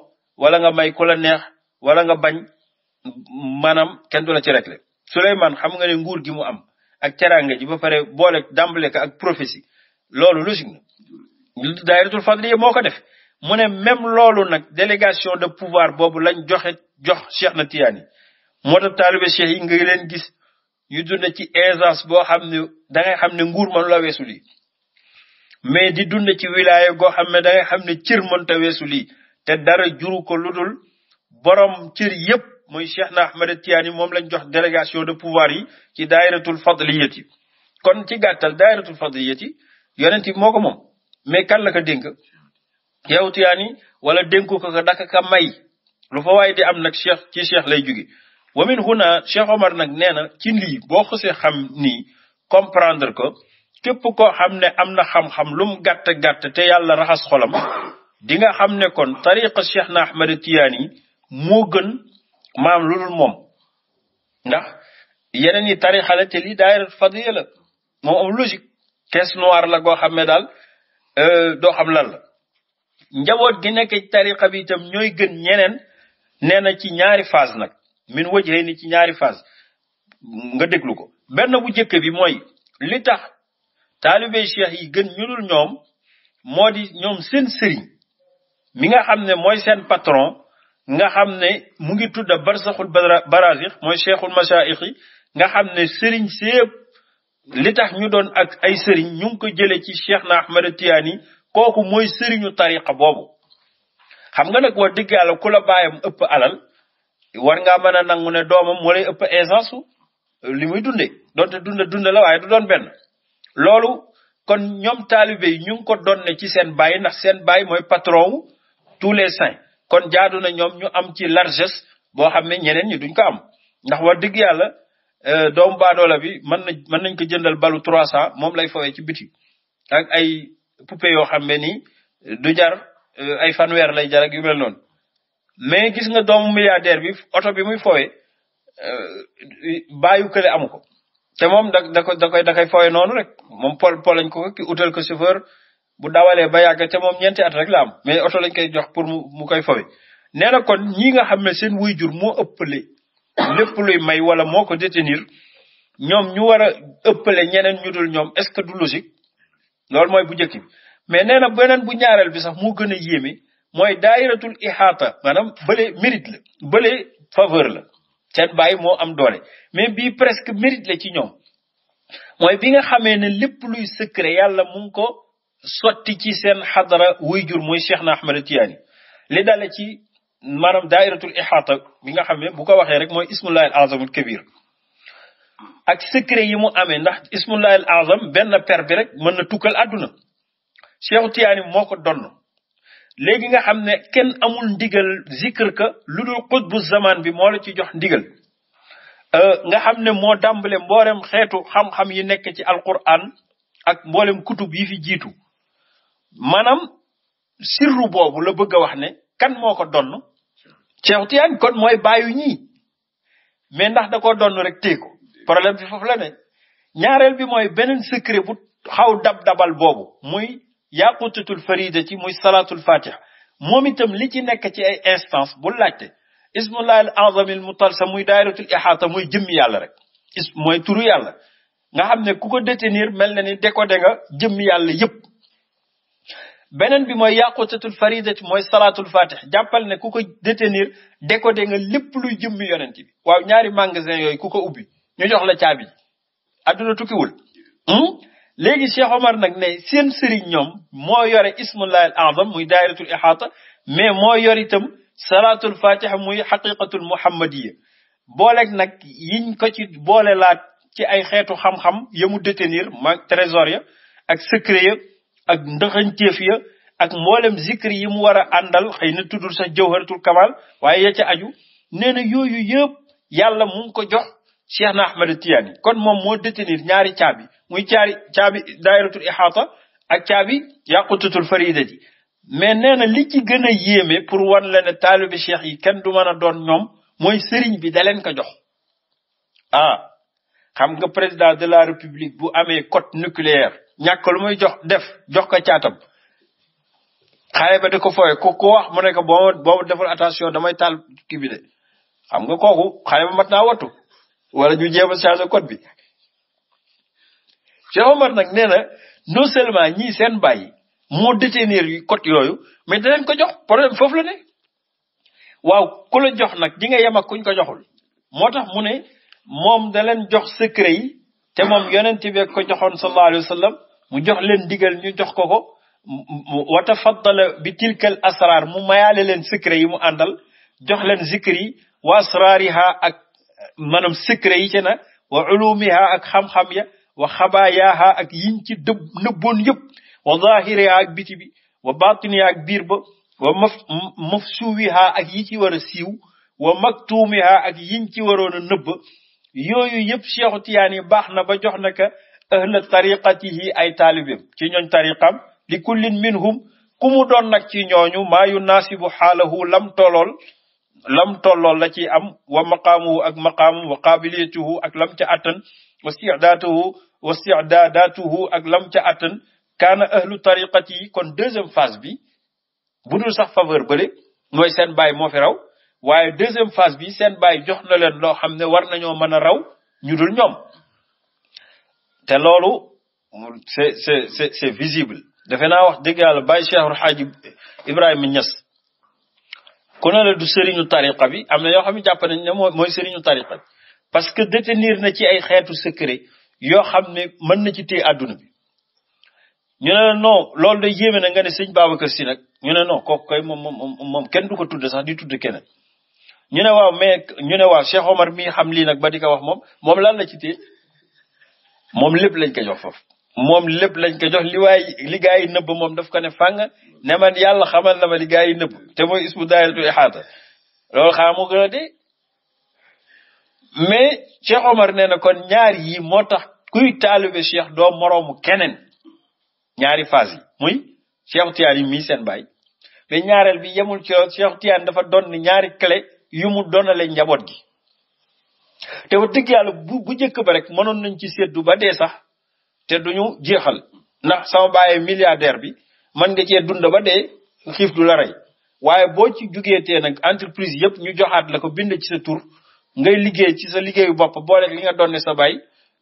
wala nga may ku la neex wala nga bañ maanaam kenn du la ci réglé suleyman xam nga ne nguur gi mu am ak teraanga ji ba pare boole dàmbale ko ak prophétie loolu logique daayiratul fadliya moo ko def mu ne même loolu nag délégation de pouvoir boobu lañ joxe jox Cheikh na Tiyaani moo tax taalibe Cheikh yi nga leen gis ñu dunde ci aisance boo xam ne da xam ne nguur man la weesu lii mais di dunde ci wilaya goo xam ne da xam ne cër mënta weesu lii te dara juru ko ludul borom cër yépp muy Cheikh na Ahmed Tiyaani moom lañ jox délégation de pouvoir yi ci daayiratul fadliyati kon ci gàttal daayiratul fadliyati yonent yi moo mais kala la ko dénk yow tiyaani wala dénku ko ko daka ka may lu fa waaye di am nag cheikh ci cheikh lay jóge wa min huna cheikh Omar nag nee na ci lii bo xasee xam nii comprendre ko képp koo xam ne am na xam-xam lu mu gàtt gàtt te yàlla raxas xolam di xam ne kon tariqa cheikh na Ahmed Tiyaani moo gën maam lu dul moom ndax yeneen yi tarixa la te lii daayira fadila la moom am logique caisse noire la goo xam ne daal Euh, doo xam lan la njaboot gi nekk ci tariqa bi itam ñooy gën ñeneen nee na ci ñaari phase nag min wajhee ni ci ñaari phase nga déglu ko benn bu njëkk bi mooy li tax taalibe cheikh yi gën ñu dul ñoom moo di ñoom seen sëriñ mi nga xam ne mooy seen patron nga xam ne mu ngi tudda barsaxul barazix mooy cheikhul masaïx yi nga xam ne sëriñ sépp li tax ñu doon ak ay sëriñ ñu ngi ko jëlee ci Cheikh na Ahmed Tiyaani kooku mooy sëriñu tariqa boobu xam nga nag wax dëgg yàlla ku la baayam ëpp alal war ngaa mën a nangu ne doomam moo lay ëpp aisance li muy dunde donte dund dund la waaye du doon benn loolu kon ñoom taalibe yi ñu ngi ko doon ne ci seen baay ndax seen baay mooy patron wu tous les saints kon jaadu na ñoom ñu am ci largesse boo xamee ñeneen ñi duñ ko am ndax wax dëgg yàlla Euh, doom baadoola bi man na mën nañ ko jëndal balu trois cent moom lay fawee ci biti ak ay poupée yoo xam ne ni du jar euh, ay fanweer lay jar ak yu mel noonu mais gis nga doom milliardaire bi oto bi muy fowee euh, bàyyu kële amu ko te moom da da da koy da koy fowee noonu rek moom pol pol lañ ko ki utal ko chauffeur bu dawalee ba yàgg te moom ñeenti at rek la am mais oto lañ koy jox pour mu mu koy fowee nee na kon ñi nga xam ne seen wuy jur moo ëppale lépp luy may wala moo ko détenir ñoom ñu war a ëppale ñeneen ñu dul ñoom est-ce logique loolu mooy bu njëkk bi mais nee na beneen bu ñaareel bi sax moo gën a yéeme mooy daayiratul ihaata maanaam bële mérite la bële faveur la seen bàyyi moo am doole mais bii presque mérite la ci ñoom mooy bi nga xamee ne lépp luy secret yàlla mu ko sotti ci seen xadara wuy jur mooy Cheikh na Ahmed Tiyaani li dale ci maanaam daairatul ixaata bi nga xam ne bu ko waxee rek mooy ismullahi al azamul kabir ak secret yi mu amee ndax ismullahi al azam benn per bi rek mën na tukkal àdduna Cheikhu Tiyaani moo ko donn léegi nga xam ne kenn amul ndigal zikr ka lu dul xutbu zaman bi moo la ci jox ndigal euh, nga xam ne moo dàmbale mboolem xeetu xam-xam yi nekk ci alquran ak mboolem kutub yi fi jiitu maanaam sirru boobu la bëgg a wax ne kan moo ko donn Cheikh Tidiane kon mooy bàyyu ñii mais ndax da ko donn rek téye ko problème bi foofu la ne ñaareel bi mooy beneen secret bu xaw dab dabal boobu muy yaqutatul farida ci muy salaatul fatiha moom itam li ci nekk ci ay instance bu laajte ismullahi al azamil mutalsa muy dairatul ihaata muy jëmmi yàlla rek is mooy turu yàlla nga xam ne ku ko détenir mel na ni décodé nga jëmmi yàlla yëpp beneen bi mooy yaqutatul faridati mooy salaatul fatih jàppal ne ku ko détenir décoder nga lépp luy jëmmi yonent bi waaw ñaari magasin yooyu ku ko ubbi ñu jox la caabi adduna tukkiwul hmm? léegi Cheikh Omar nag ne seen sëriñ ñoom moo yore ismullahi al azam muy dairatul ihaata mais moo yor itam salaatul fatiha muy xaqiqatul muhammadiya booleek nag yiñ ko ci boole laat ci ay xeetu xam-xam yamu détenir ma trésor ya ak secret ya ak ndëxañteef ya ak mboolem zikri yi mu war a àndal xëy na tuddul sax jawharatul kamal waaye ya ca aju nee yooyu yëpp yàlla mu ko jox cheikh na ahmed tiyaani kon moom moo détenir ñaari caabi muy caari caabi daayiratul ihaata ak caabi yàqutatul farida ji mais nee na li ci gën a yéeme pour wan la ne taalibi yi kenn du mën a doon ñoom mooy sëriñ bi da leen ko jox ah xam nga président de la république bu amee code nucléaire ñàkk lu muy jox def jox ko caatam xale ba di ko fooye ku ku wax mu ne ko boo boo deful attention damay taal kii bi de xam nga kooku xale ba mat naa wala ñu jéem a changé code bi Cheikh Omar nag nee na non seulement ñii seen bàyyi moo détenir yu code yooyu mais leen ko jox problème foofu la ne waaw ku la jox nag di nga yem ak kuñ ko joxul moo tax mu ne moom da leen jox secret yi te moom yonent bi ko joxoon sallallahu alayhi wa sallam mu jox leen digal ñu jox ko wata wa bi tilkal asrar mu mayaale leen secret yi mu àndal jox leen zikr yi wa asrariha ak maanaam secret yi ci na wa ulumiha ak xam-xam ya wa xabaayaha ak yiñ ci dëb nëbboon yëpp wa zahiriha ak ak biir ba wa maf mafsuwiha ak yi ci war a siiw wa ak yiñ ci waroon a nëbb yooyu yëpp Cheikhu Tiyaani baax na ba jox na ka ahla tariqatihi ay taalibim ci ñooñ tariqam li kullin minhum ku mu doon nag ci ñooñu maa yu naasibu xaalahu lam tollool lam tollool la ci am wa maqaamuhu ak maqaamum wa qaabiliyatuhu ak lam ca attan wa stidaatuhu wa stidaadaatuhu ak lam ca attan kaana ahlu tariqati yi kon deuxième phase bi bu dul sax faveur bële mooy seen baay moo fi raw waaye deuxième phase bi seen baay jox na leen loo xam ne war nañoo mën a raw ñu dul ñoom te loolu c'est c'est visible defe naa wax dëgg yàlla bàyyi Cheikh Xaaji Ibrahima Niass ku ne la du sëriñu tariqa bi am na yoo xam ne jàpp nañ ne mooy sëriñu tariqa bi parce que niir na ci ay xeetu secret yoo xam ne mën na ci téye àdduna bi ñu ne la non loolu day na nga ne sëñ Babacar Si nag ñu ne non ko koy moom moom kenn du ko tudd sax di tudd keneen ñu ne waaw mais ñu ne waaw Cheikh Omar mii xam lii nag ba di ko wax moom moom lan la ci téye moom lépp lañ ko jox foofu moom lépp lañ ko jox li waay li gaa yi moom daf ko ne fàng ne man yàlla xamal na ma li gaa yi nëbb te mooy ismu daayatu ixaata loolu xaa mu gën a dee mais Cheikh Omar nee kon ñaar yi moo tax kuy taalibe Cheikh doo moroomu keneen ñaari phase yi muy Cheikh Tiyaan yi mii seen baay mais ñaareel bi yemul ci Cheikh Tiyaan dafa doon ñaari clé yu mu donale njaboot gi te wax dëgg yàlla bu bu njëkk ba rek mënoon nañ ci séddu ba dee sax te duñu jeexal ndax sama bàyyee milliardaire bi man nga cee dund ba dee xiif du la rey waaye boo ci jugeetee nag entreprise yëpp ñu joxaat la ko bind ci sa tur ngay liggéey ci sa liggéeyu bopp boole li nga doon ne sa baay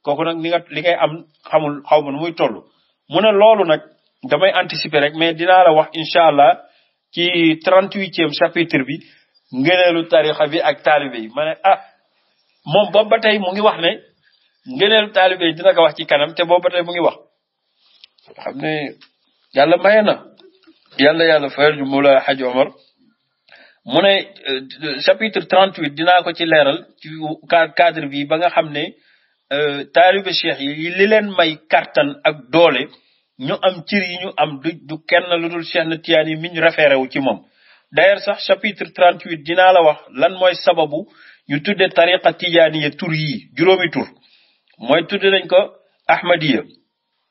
kooku nag li nga li ngay am xamul xaw ma nu muy toll. mu ne loolu nag damay anticiper rek mais dinaa la wax incha allah ci trent huitième chapitre bi ngëneelu tarixa bi moom boobu ba tey mu ngi wax ne ngëneelu taalibe yi dina ko wax ci kanam te boobu ba mu ngi wax xam ne yàlla maye na yàlla yàlla fayal ju Mawla mu ne euh, chapitre 38 dinaa ko ci leeral ci cadre bi ba nga xam ne euh, taalibe cheikh yi li leen may kartan ak doole ñu am cir yi am du kenn lu dul cheikh na tiyaan yi mi ñu ci moom d'ailleurs sax chapitre 38 dinaa la wax lan mooy sababu yu tudde tariqa tijaaniya tur yi juróomi tur mooy tudde nañ ko ahmadiya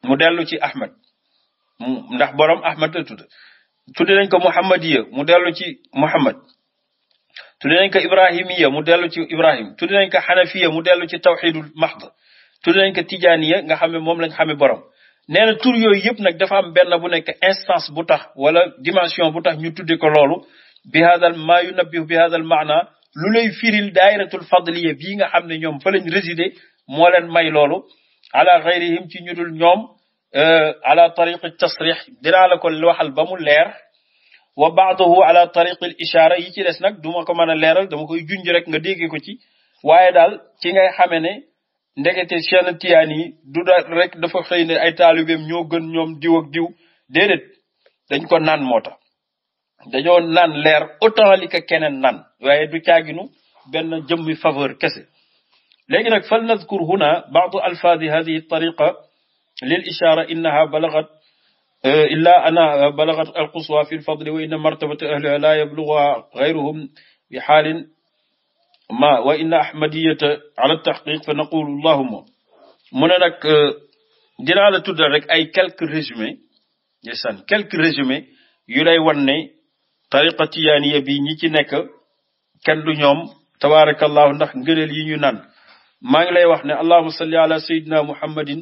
mu dellu ci ahmad ndax borom ahmad la tudd nañ ko muhammadiya mu dellu ci muhammad tudde nañ ko ibrahimiya mu dellu ci ibrahim tudde nañ ko xanafiya mu dellu ci tawxidul mahd tudde nañ ko tijaaniya nga xam ne moom lañ xame borom nee na tur yooyu yëpp nag dafa am benn bu nekk instance bu tax wala dimension bu tax ñu tuddee ko loolu bi hadal maa yunabbihu bi hadal lu lay firil daayiratul fadliya bii nga xam ne ñoom fa lañ résider moo leen may loolu ala xayrihim ci ñu dul ñoom euh, ala tariqi tasrix dinaa la ko waxal ba mu leer wa baaduhu ala tariqi ishaara yi ci des nag duma ko mën a leeral dama koy junj rek nga dégge ko ci waaye daal ci ngay xamee ne ndekete seen tiyaan yi du da rek dafa xëy ne ay taalibeem ñoo gën ñoom diw ak diw déedéet dañ ko naan moo dañoo naan leer autant li ko keneen naan waaye du caaginu benn jëmmi faveur kese léegi nag fal nadkur huna baadu alfaadi hadihi tariqa lil ishaara innaha balagat euh, illa ana balagat alquswa fi lfadli wa inna martabata ahliha la yabluguha gayruhum bi xaalin ma wa inna ahmadiyata ala tahqiq fa naqulu allahuma mu ne nag euh, dinaa la tuddal rek ay quelques résumé ndeysaan quelques résumé yu lay wan ne tariqa tijaaniya bi ñi ci nekk kenn du ñoom tabaarakallahu ndax ngëneel yi ñu naan maa ngi lay wax ne allahuma salli ala sayidina muhammadin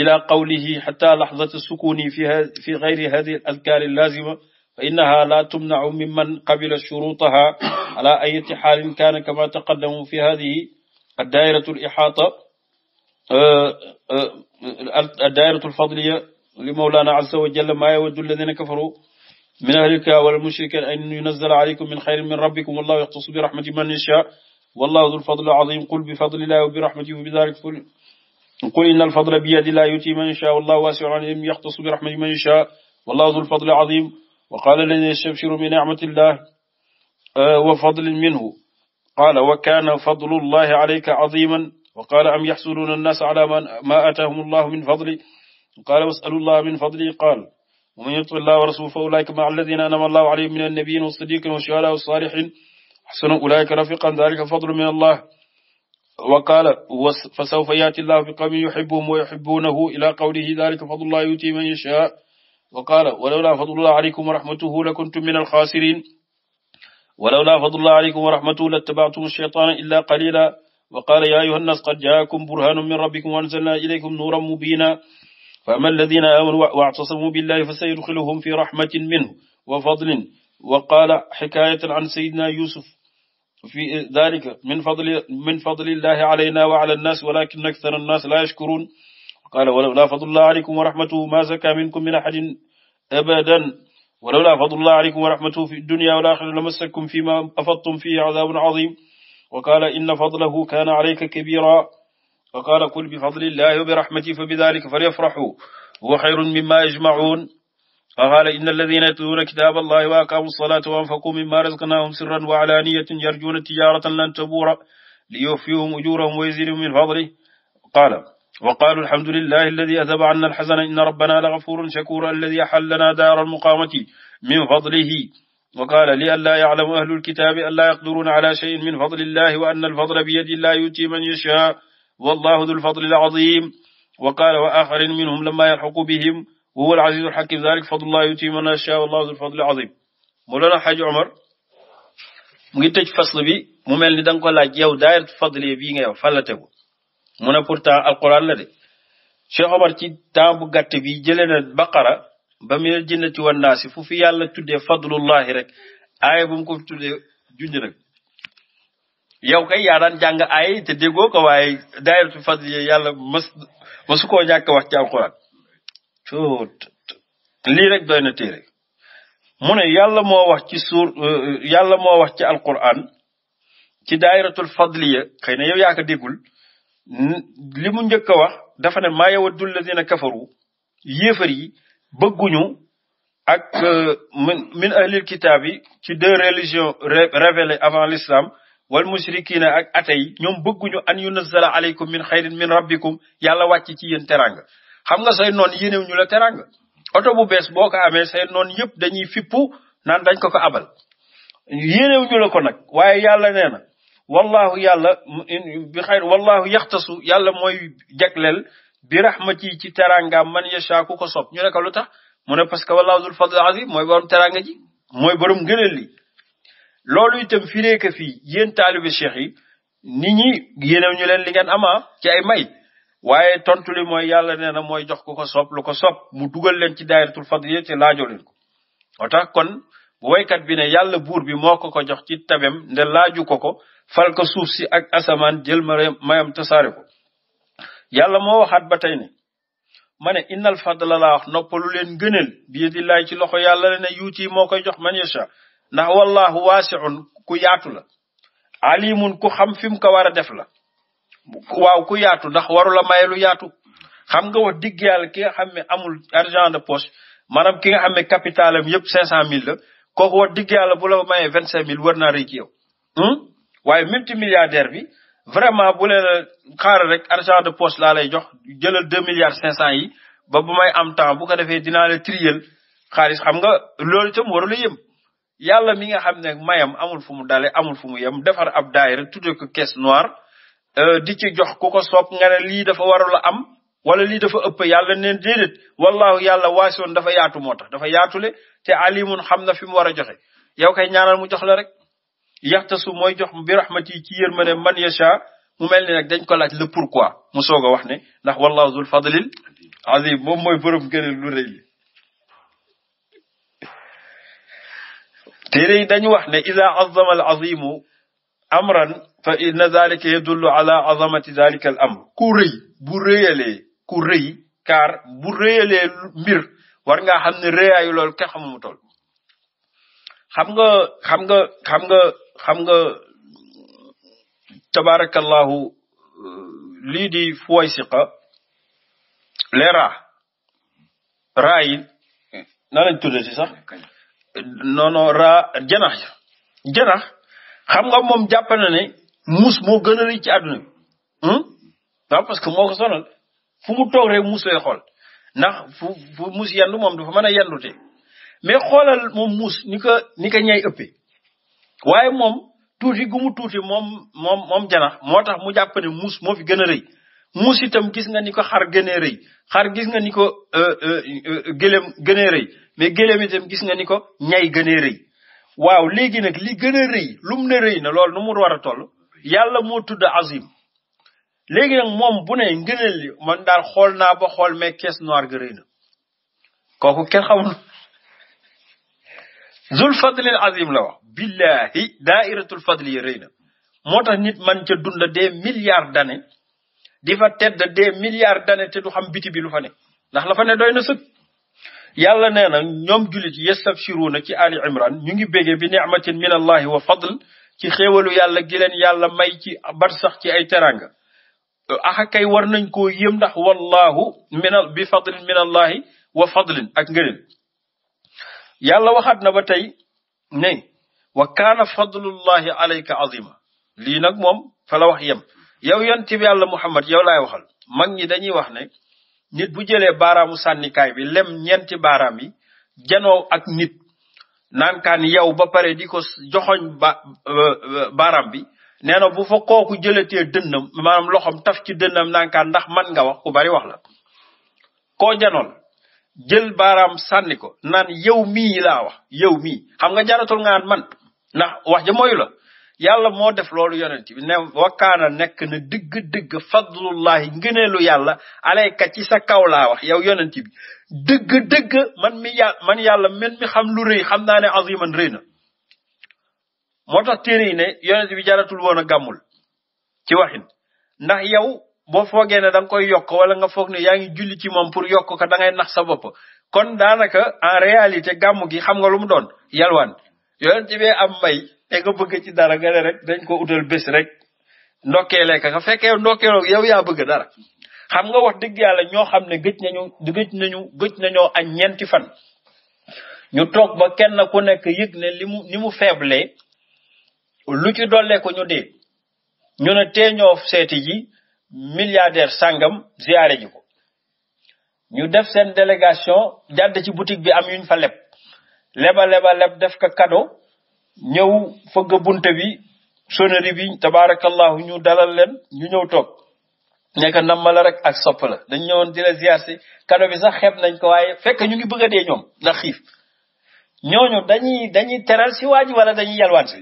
ila qawlihi xata laxzati sukuni fi fi gayri hadihi al adkaar allazima fa innaha la tumnacu mimman qabila shurutaha ala ayati xaalin kaana kama taqaddamu fi hadihi addairatu al ixaata euh, euh, addairatu alfadliya li mawlana azza wa jalla ma yawaddu alladina kafaru min ahlika wala mushrikin an yunazzala alaykum min xayrin min rabbikum wallahu yaxtasu bi rahmati man yasha wallahu dul fadli azim qul bi fadlillahi wa bi rahmatihi wa bi dalik qul inna alfadla bi yadillahi yuti man yasha wallahu wasiun alim yaxtasu bi rahmati man yasha wallahu dul fadli azim wa qala alladina yastabshiru bi nicmatillah wa fadlin minhu qala wa kana fadlullahi alayka aziman wa qala am yaxsuduna annaasa ala ma atahum allahu min fadli qala wasalu allaha min fadli qala ومن يطع الله ورسوله فأولئك مع الذين أنعم الله عليهم من النبيين والصديقين والشهداء والصالحين أحسن أولئك رفيقا ذلك فضل من الله وقال فسوف يأتي الله بقوم يحبهم ويحبونه إلى قوله ذلك فضل الله يؤتيه من يشاء وقال ولولا فضل الله عليكم ورحمته لكنتم من الخاسرين ولولا فضل الله عليكم ورحمته لاتبعتم الشيطان إلا قليلا وقال يا أيها الناس قد جاءكم برهان من ربكم وأنزلنا إليكم نورا مبينا fa amma alladina amanu wactasamu billahi fa sayudxiluhum fi rahmatin minhu wa fadlin wa qaala xikayatan an sayidina yusuf fi dalika min fadli min fadli illahi alayna wa ala annas walakin akthara annas la yashkurun qaala walawla fadlullah alaykum wa rahmatuhu ma zaka minkum min ahadin abadan walawla fadlullah alaykum wa rahmatuhu fi dunya wal axirati lamassakum fima afadtum fihi azabun azim wa qaala inna fadlahu kana alayka kabira fa qaala qul bi fadlillahi wa bi rahmatihi fa bi dalika falyafrahu huwa xayrun mimma yajmacuun fa qaala inna alladina yatluuna kitaaba allahi wa aqaamu salaata wa anfaquu mimma razaqnaahum sirran wa alaaniyatan yarjuuna tijaaratan lan tabuura liyuwafiyahum ujurahum wa yazidahum min fadlihi qaala wa qaalu alhamdulillahi alladi azhaba anna alxazana inna rabbana la gafurun shakuur alladi axallana daara almuqaamati min fadlihi wa qaala li allaa yaclamu ahlu alkitaabi allaa yaqdiruuna ala cheyin min fadlillahi wa anna alfadla biyadi llahi yuutii man yashaa wallahu dul fadlil azim wa qala wa axarin minhum lamma yalxaqu bihim wa huwa al azizul xakim dalik fadlullah yuti man yasha wallahu dul fadlil azim Mawlana Xaaji Omar mu ngi tëj fasl bi mu mel ni da nga ko laaj yow daayiratu fadliya bii nga yow fan la tegu mu ne pourtant alquran la de Cheikh Omar ci temps bu gàtt bi jëlee na baqara ba minal jinnati wan naasi fu fi yàlla tuddee fadlullahi rek aaya bu mu ko tuddee junj nag yow kay yaa daan jàng ay te déggoo ko waaye daayiratu fadl yàlla mas masu koo wax ci alxuraan rek na téere ne yàlla moo wax ci suur euh, euh, yàlla moo wax ci alquran ci daayiratul xëy na yow yaa ko déggul li mu njëkk a wax dafa ne maa yawaddu alladina kafaru yéefar yi bëgguñu ak euh, min ahlil kitaab ci deux religions révélées avant l'islam wal mushrikina ak ate ñoom bëgguñu an yunazzala aleykum min xayrin min rabbikum yàlla wàcc ci yéen teranga xam nga say noon yénewuñu la teranga oto bu bees boo ko amee say noon yëpp dañuy fippu naan dañ ko ko abal yénewuñu la ko nag waaye yàlla nee na wallahu yàlla bi xayr wallahu yaxtasu yàlla mooy jagleel bi rahmati ci terangaam man yasha ku ko sob ñu ne ko lu tax mu ne parce que wallahu dul fadl azim mooy borom teranga ji mooy borom ngëneel li loolu itam fii nekk fii yéen taalibe cheikh yi nit ñi yéenew ñu leen li amaa ama ci ay may waaye tontu li mooy yàlla nee na mooy jox ku ko sopp lu ko sopp mu dugal leen ci daayiratul fadliya ci laajoo leen ko moo tax kon bu waykat bi ne yàlla buur bi moo ko ko jox ci tabem nde laaju ko ko fal ko suuf si ak asamaan jël ma mayam tasaare ko yàlla moo waxaat ba tey ne ma ne innal fadla laa wax noppalu leen gënal bi yadillahi ci loxo yàlla le ne yuuti moo koy jox man yasha ndax wallahu waasiun ku yaatu la alimun ku xam fi mu ko war a def la waaw ku yaatu ndax waru la maye lu yaatu xam nga wax digg ki nga xam ne amul argent de poche maanaam ki nga xam ne capital am yëpp cinq cent mille la kooku wax digg yàlla bu la vingt cinq mille war naa rëy ci yow hmm? waaye multimilliardaire bi vraiment bu leen xaaral rek argent de poche laa lay jox jëlal deux milliards cinq cent yi ba bu may am temps bu ko defee dinaa la triyel xaalis xam nga loolu itam waru la yàlla mi nga xam ne mayam amul fu mu dale amul fu mu yem defar ab daayira tudde ko kes noir euh, di ci jox ku ko soob nga ne lii dafa warula am wala lii dafa ëpp yàlla neen déedéet wallahu yàlla waasoon dafa yaatu moo tax dafa yaatule te alimun xam na fi mu war a joxe yow kay ñaanal mu jox la rek yaxtasu mooy jox bi rahmati ci yërmande man yacha mu mel ni nag dañ ko laaj le pourquoi mu soog a wax ne ndax wallahu zul fadlil azim moom mooy borom gënal lu rëy li téere yi dañu wax ne ida azama al azimu amran fa inna zalika yadullu ala ku rëy bu rëyalee ku rëy kaar bu rëyalee mbir war ngaa xam ne rëyaayu loolu kenn xamumu toll xam nga xam nga xam nga xam nga tabarakallahu lii di fooy siqa les raa raa yi na sax noono ra janax janax xam nga moom jàpp na ne muus moo gën a rëy ci àdduna bi hmm? parce que moo ko sonal fu mu toog rek muus lay xool ndax fu fu muus yendu moom dafa mën a yendute mais xoolal moom muus ni ko ni ko ñay ëppee waaye moom tuuti gu mu tuuti moom moom moom janax moo tax mu jàpp ne muus moo gën a rëy muus itam gis nga ni ko xar gënee rëy xar gis nga ni ko euh, euh, euh, gëléem gënee rëy mais gëléem itam gis nga ni ko ñay gënee rëy waaw léegi nag li gën a rëy lum ne rëy na lool nu mu war a toll yàlla moo tudd azim léegi nag moom bu ne ngëneel li man daal xool naa ba xool mais caisse noire ga rëy na kooku kenn xamul zul fadlil azim la wax billahi daairatul fadli yi rëy na moo tax nit man ca dunda des milliards d'années di fa tedd des milliards d'années te du xam biti bi lu fa ne ndax la fa ne doy na sëg yàlla nee na ñoom jullit yastabshiruuna ci ali imran ñu ngi béggee bi ni'matin min allahi wa fadl ci xéewalu yàlla gi leen yàlla may ci barsax ci ay teranga axa kay war nañ koo yëm ndax wallahu min bi fadlin min allahi wa fadlin ak ngëneel yàlla waxaat na ba tey ne wa kaana fadlullahi alayka azima lii nag moom fala wax yem yow yonent bi yàlla Muhammad yow laay waxal mag ñi dañuy wax ne nit bu jëlee baaraamu sànnikaay bi lem ñeenti baaraam yi janoo ak nit naan kaan yow ba pare di ko joxoñ ba euh, euh, baaraam bi nee na bu fa kooku jëlatee dënnam maanaam loxoom taf ci dënnam naan kaan ndax man nga wax ku bari wax la koo janoon jël baaraam sànni ko naan yow mii laa wax yow mii xam nga jaratul nga man ndax wax ja mooyu la yàlla moo def loolu yonent bi ne wakkaana nekk na dëgg-dëgg fadlullahi ngëneelu yàlla alayka ci sa kaw laa wax yow yonent bi dëgg-dëgg man mi yàlla man yàlla men mi xam lu rëy xam naa ne aziman rëy na moo tax téere yi ne yonent bi jaratul woon a gàmmul ci waxin ndax yow boo foogee ne da nga koy yokk wala nga foog ne yaa ngi juli ci moom pour yokk ko da ngay nax sa bopp kon daanaka en réalité gàmm gi xam nga lumu doon yalwaan yonent am mbay te nga bëgg ci dara nga ne dañ ko utal bés rek ndokkeelee ka nga fekkee ndokkeeloo yow yaa bëgg dara xam nga wax dëgg yàlla ñoo xam ne gëj nañu gëj nañu gëj nañoo añ ñeenti fan ñu toog ba kenn ku nekk yëg ne li mu ni mu faible lu ci dollee ko ñu dee ñu ne tee ñoo seeti ji milliardaire sàngam ziyaare ji ko ñu def seen délégation jàdd ci boutique bi am yuñ fa leb leba leba leb def ko cadeau ñëw fëgg bunte bi sonnerie bi tabaarakallahu ñu dalal leen ñu ñëw toog nekk nam ma rek ak sopp dañ ñëwoon di la ziar si kado bi sax xeeb nañ ko waaye fekk ñu ngi bëgg a dee ñoom ndax xiif ñooñu dañuy dañuy teral si waa ji wala dañuy yalwaan si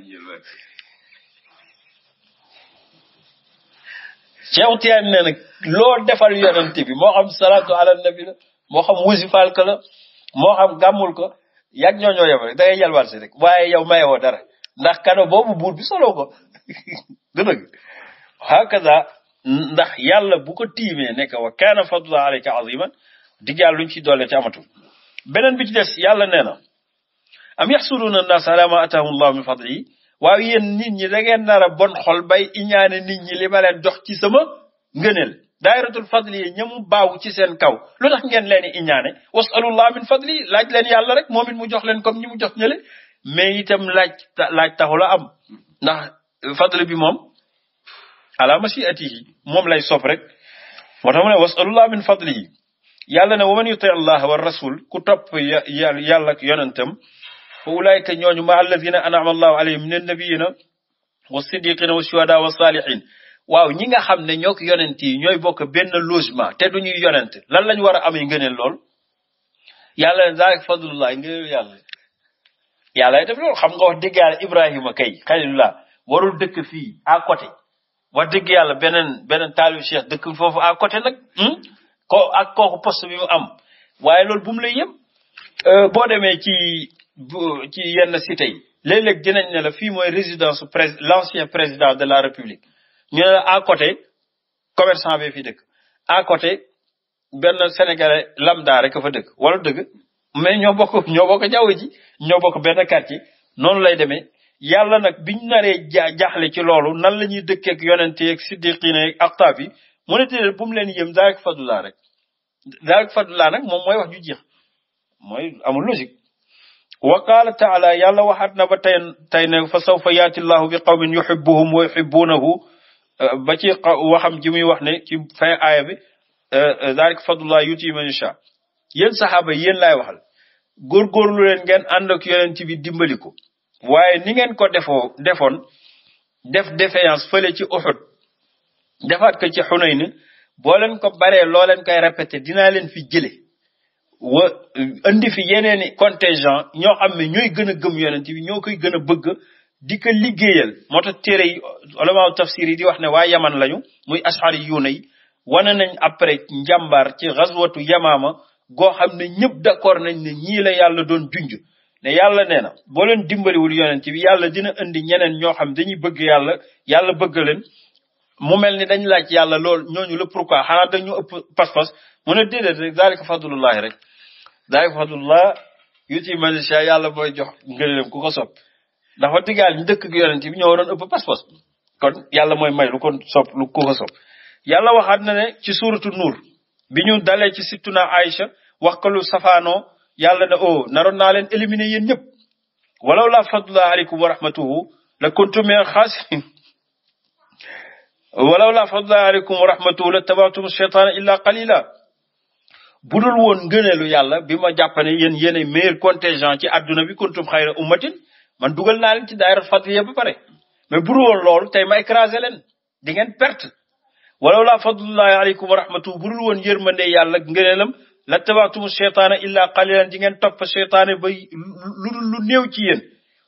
Cheikh Tiyaan nee na loo defal yonent bi moo xam salaatu ala nabi la moo xam wusifaal ko la moo xam gàmmul ko yàgg ñoo ñoo yem rek da ngay yalwaal si rek waaye yow mayewoo dara ndax kado boobu buur bi soloo ko dëgg hakaza ndax yàlla bu ko tiimee nekk wa kaana fadlu alayka aziman dig yàlla luñ ci doole ci amatul beneen bi ci des yàlla nee na am yaxsuduuna annaas ala ma atahum llahu min fadlihi waaw yéen nit ñi da ngeen nar a bon xol bay iñaane nit ñi li ma leen jox ci sama ngëneel daayiratul fadli yi ñamu baaw ci seen kaw lu tax ngeen leen i iñaane wasalullah min fadli laaj leen yàlla rek moom it mu jox leen comme ñi mu jox ñële mais itam laaj laaj taxula am ndax fadli bi moom ala mashiatihi moom lay sopp rek moo tax mu ne wasalullah min fadli yi yàlla ne wa man yuti allah wa rasul ku topp yàlla ak yonentam fa ulaayka ñooñu ma alladina anama allahu alayhim min annabiyina wa siddiqina wa shuhada wa salihin waaw ñi nga xam ne ñoo ko yonent yi ñooy bokk benn logement te du ñuy yonent lan lañ war a amee ngëneel lool yàlla ne zaalik fadlullah ngëneelu yàlla def loolu xam nga wax dëgg yàlla Ibrahima kay xalilullah warul dëkk fii à côté wax dëgg yàlla beneen beneen taalibu cheikh dëkk foofu à côté nag hmm? ko ak kooku poste bi mu am waaye loolu bu mu lay yem euh, boo demee ci ci yenn cité yi léeg-léeg dinañ ne la fii mooy résidence prés l'ancien président de la république ñu ne la à côté commerçant bi fi dëkk à côté benn sénégalais lambda rek fa dëkk wala dëgg mais ñoo bokk ñoo bokk jaww ji ñoo bokk benn quartier noonu lay demee yàlla nag biñ naree ja jaaxle ci loolu nan la ñuy dëkkeeg yonente yeeg siddiqine yeeg aqtaab yi mu ne tëddee bu mu leen yëm daal ak fadulaa rek daal ak fadulaa nag moom mooy wax ju jeex mooy amul logique. wa qaala taala yàlla waxaat na ba tey tey ne fa sawfa yaati llahu bi qawmin yuhibbuhum wa yuhibbunahu Euh, ba ci waxam ji muy wax ne ci fin aaya bi euh, euh, zalik fadlullah yuti man yasha yéen saxaaba yi yéen laay waxal góorgóorlu leen ngeen ànd ak yonent bi dimbali ko waaye ni ngeen ko defoo defoon def défaillance fële ci Uhud defaat ko ci Hunayn boo leen ko baree loo leen koy répété dinaa leen fi jële wa indi fi yeneeni contingent ñoo xam ne ñooy gën a gëm yonent bi ñoo koy gën a bëgg di ko liggéeyal moo tax téere yi ulamaaw tafsir yi di wax ne waa yaman lañu muy ashari yuuna yi wane nañ après njàmbaar ci xaswatu yamaama goo xam ne ñëpp d'accord nañ ne ñii la yàlla doon junj ne yàlla nee na boo leen dimbaliwul ci bi yàlla dina indi ñeneen ñoo xam dañuy bëgg yàlla yàlla bëgg leen mu mel ni dañ laaj yàlla lool ñoo ñu la pourquoi xanaa dañu ëpp pas-pas mu a déedéet rek daalika fadlullahi rek daalika fadlullah yàlla mooy jox ngëneelam ndax wax dëgg yàlla ñu dëkk ak bi ñoo waroon ëpp pas-pas kon yàlla mooy may lu ko sopp lu ko fa sopp yàlla waxaat na ne ci suuratu nuur bi ñu dalee ci sittuna Aïcha wax ko lu safaanoo yàlla ne o oh, naroon naa leen éliminer yéen ñëpp walaw laa fadlullah aleykum wa rahmatuhu la kuntum min xaasirin walaw laa fadlullah aleykum wa rahmatuhu la tabaatum cheytaana illa bu budul woon ngëneelu yàlla bi ma jàpp ne yéen yéen meilleur contingent ci àdduna bi kuntum xayra ummatin man dugal naa leen ci daayira fadliya ba pare mais bu dul woon loolu tey ma leen di ngeen perte walaw laa fadlullahi aleykum wa rahmatuhu bu dul woon yërmande yàlla ngëneelam la tabaatumu cheytaana illa qalilan di ngeen topp cheytaane ba lu lu néew ci yéen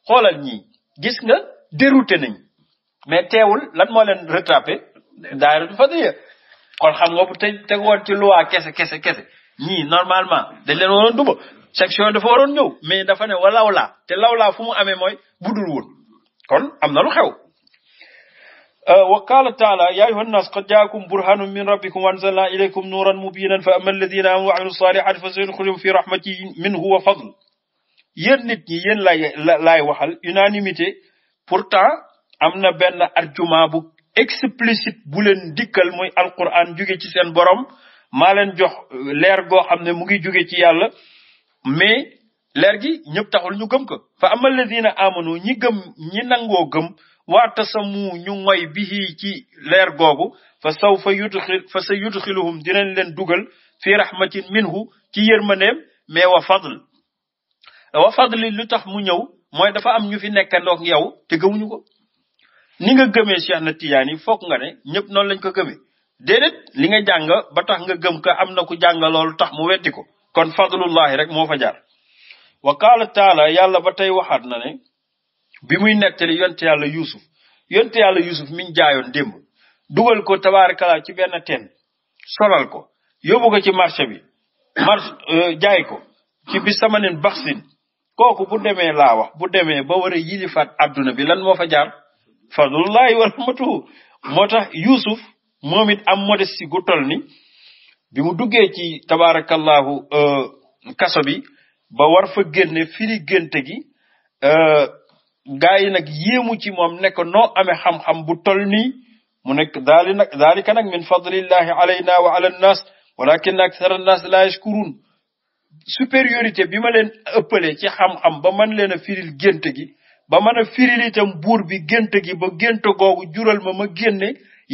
xoolal ñii gis nga dérouté nañ mais teewul lan moo leen rattrapé daayira fadliya kon xam nga bu te teg woon ci luwa kese kese kese ñii normalement dañ leen waroon duba section dafa waroon ñëw mais dafa ne wa te lawlaa fu mu amee mooy budul woon kon am na lu xew euh, wa qaala taala yaa ayuha nnaas qad jaakum burhanun min rabbikum wa anzalna ilaykum nuuran mubinan fa ama alladina amanu wa amilu salihati fa sayudxuluhum fi rahmatin minhu wa fadl yéen nit ñi yéen laay laay waxal unanimité pourtant am na benn argument bu explicite bu leen dikkal muy alquran jóge ci seen borom maa leen jox leer goo xam ne mu ngi jóge ci yàlla mais leer gi ñëpp taxul ñu gëm ko fa amal ladina amanu ñi gëm ñi nangoo gëm waa tasamu ñu moy bihi ci leer googu fa saw fa yudxil fa sa yudxiluhum dinañ leen dugal fi rahmatin minhu ci yërmaneem mais wa fadl wa fadli lu tax mu ñëw mooy dafa am ñu fi nekkandoog yow te gëmuñu ko ni nga gëmee Cheikh na Tijaan yi foog nga ne ñëpp noonu lañ ko gëmee déedéet li nga jàng ba tax nga gëm ko am na ku jàngaloo lu tax mu wetti ko kon fadlullahi rek moo fa jaar wa qaala taala yàlla ba tey waxaat na ne bi muy nettali yonte yàlla yuusuf yonte yàlla yuusuf miñ jaayoon démb dugal ko tabaarakalaa ci benn teen solal ko yóbbu ci marché bi mar euh, jaay ko ci bi samanin baxsin kooku bu demee laa wax bu demee ba war a yilifaat adduna bi lan moo fa jaar fadlullahi wa rahmatuhu moo tax yuusuf moom it am modesti gu toll ni bi mu duggee ci tabarakallahu euh, kaso bi ba war fa génne firi gente gi euh, gaa yi nag yéemu ci moom ne ko noo amee xam-xam bu tol nii mu nekk daali nag daalika nag min fadlillahi alayna wa ala nnas walakin akthar annas la yashkurun supériorité bi ma leen ëppalee ci xam-xam ba man leen a firil gént gi ba mën a firil itam buur bi gént gi ba gént googu jural ma ma génne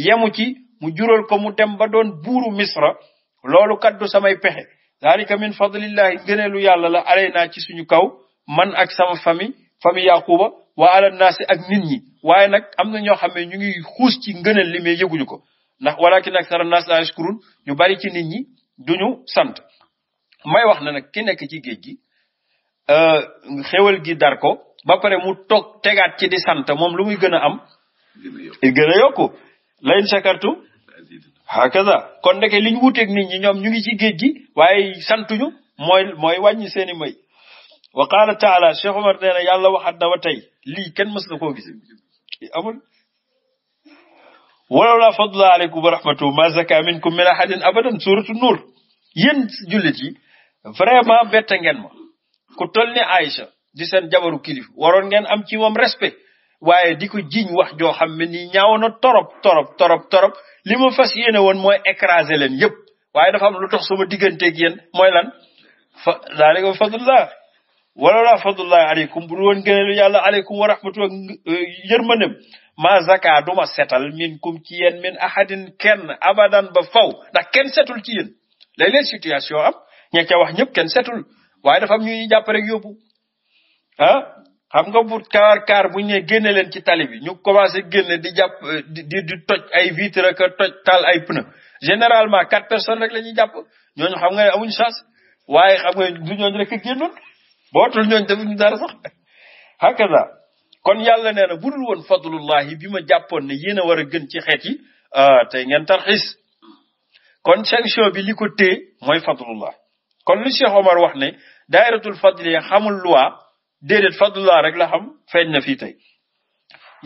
yemu ci mu jural ko mu dem ba doon buuru misra loolu kaddu samay pexe dalika min fadlillahi gëneelu yàlla la alaynaa ci suñu kaw man ak sama famille famille yaquba wa ala naasi ak nit ñi waaye nag am na ñoo xam ne ñu ngi xuus ci ngëneel li mais yëguñu ko ndax walakin aksara naas la yashkurun ñu bari ci nit ñi duñu sant may wax na nag ki nekk ci géej gi euh, xéwal gi dar ko ba pare mu toog tegaat ci di sant moom lu muy gën a am gën a yokku layin shakartu hakaza kon ndeke li ñu wuteeg nit ñi ñoom ñu ngi ci géej gi waaye santuñu mooy mooy wàññi seeni may wa qaala taala Cheikh Omar nee na yàlla waxaat na wa lii kenn mës na koo gis amul walaw la fadla aleykum wa rahmatu ma zaka minkum min ahadin abadan suratu nuur yéen jullit yi vraiment bette ngeen ma ku toll ni Aïcha di seen jabaru kilif waroon ngeen am ci moom respect waaye di ko jiñ wax joo xam ne nii ñaaw na torop torop torop torop li ma fas yéene woon mooy écraser leen yépp waaye dafa am lu tox sooma digganteeg yéen mooy lan fa zaalika fadlullah wala la fadlullah aleykum bu woon gëneelu yàlla aleykum wa rahmatulah eh, yërmandem ma zaka du seetal setal min kum ci yéen min ahadin kenn abadan ba faw ndax kenn setul ci yéen léeg-léeg situation am ña ca wax ñëpp kenn setul waaye dafa am ñuy jàpp rek yóbbu ah? xam nga bu kaar kaar bu ñëwee génne leen ci tali bi ñu commencé génne di jàpp di di toj ay vitre ak toj taal ay pneu généralement quatre personnes rek la ñuy jàpp ñooñu xam nga ne amuñu chance waaye xam nga du ñooñu rek a génnoon bootul ñooñu defuñu dara sax hakaza kon yàlla nee na dul woon fadlullahi bi ma jàppoon ne yéen a war a gën ci xeet yi ah, tey ngeen tarxiis kon sanction bi li ko téye mooy fadlullah kon lu Cheikh Omar wax ne dairatul fadli xamul loi déedéet fadlulaa rek la xam feeñ na fii tey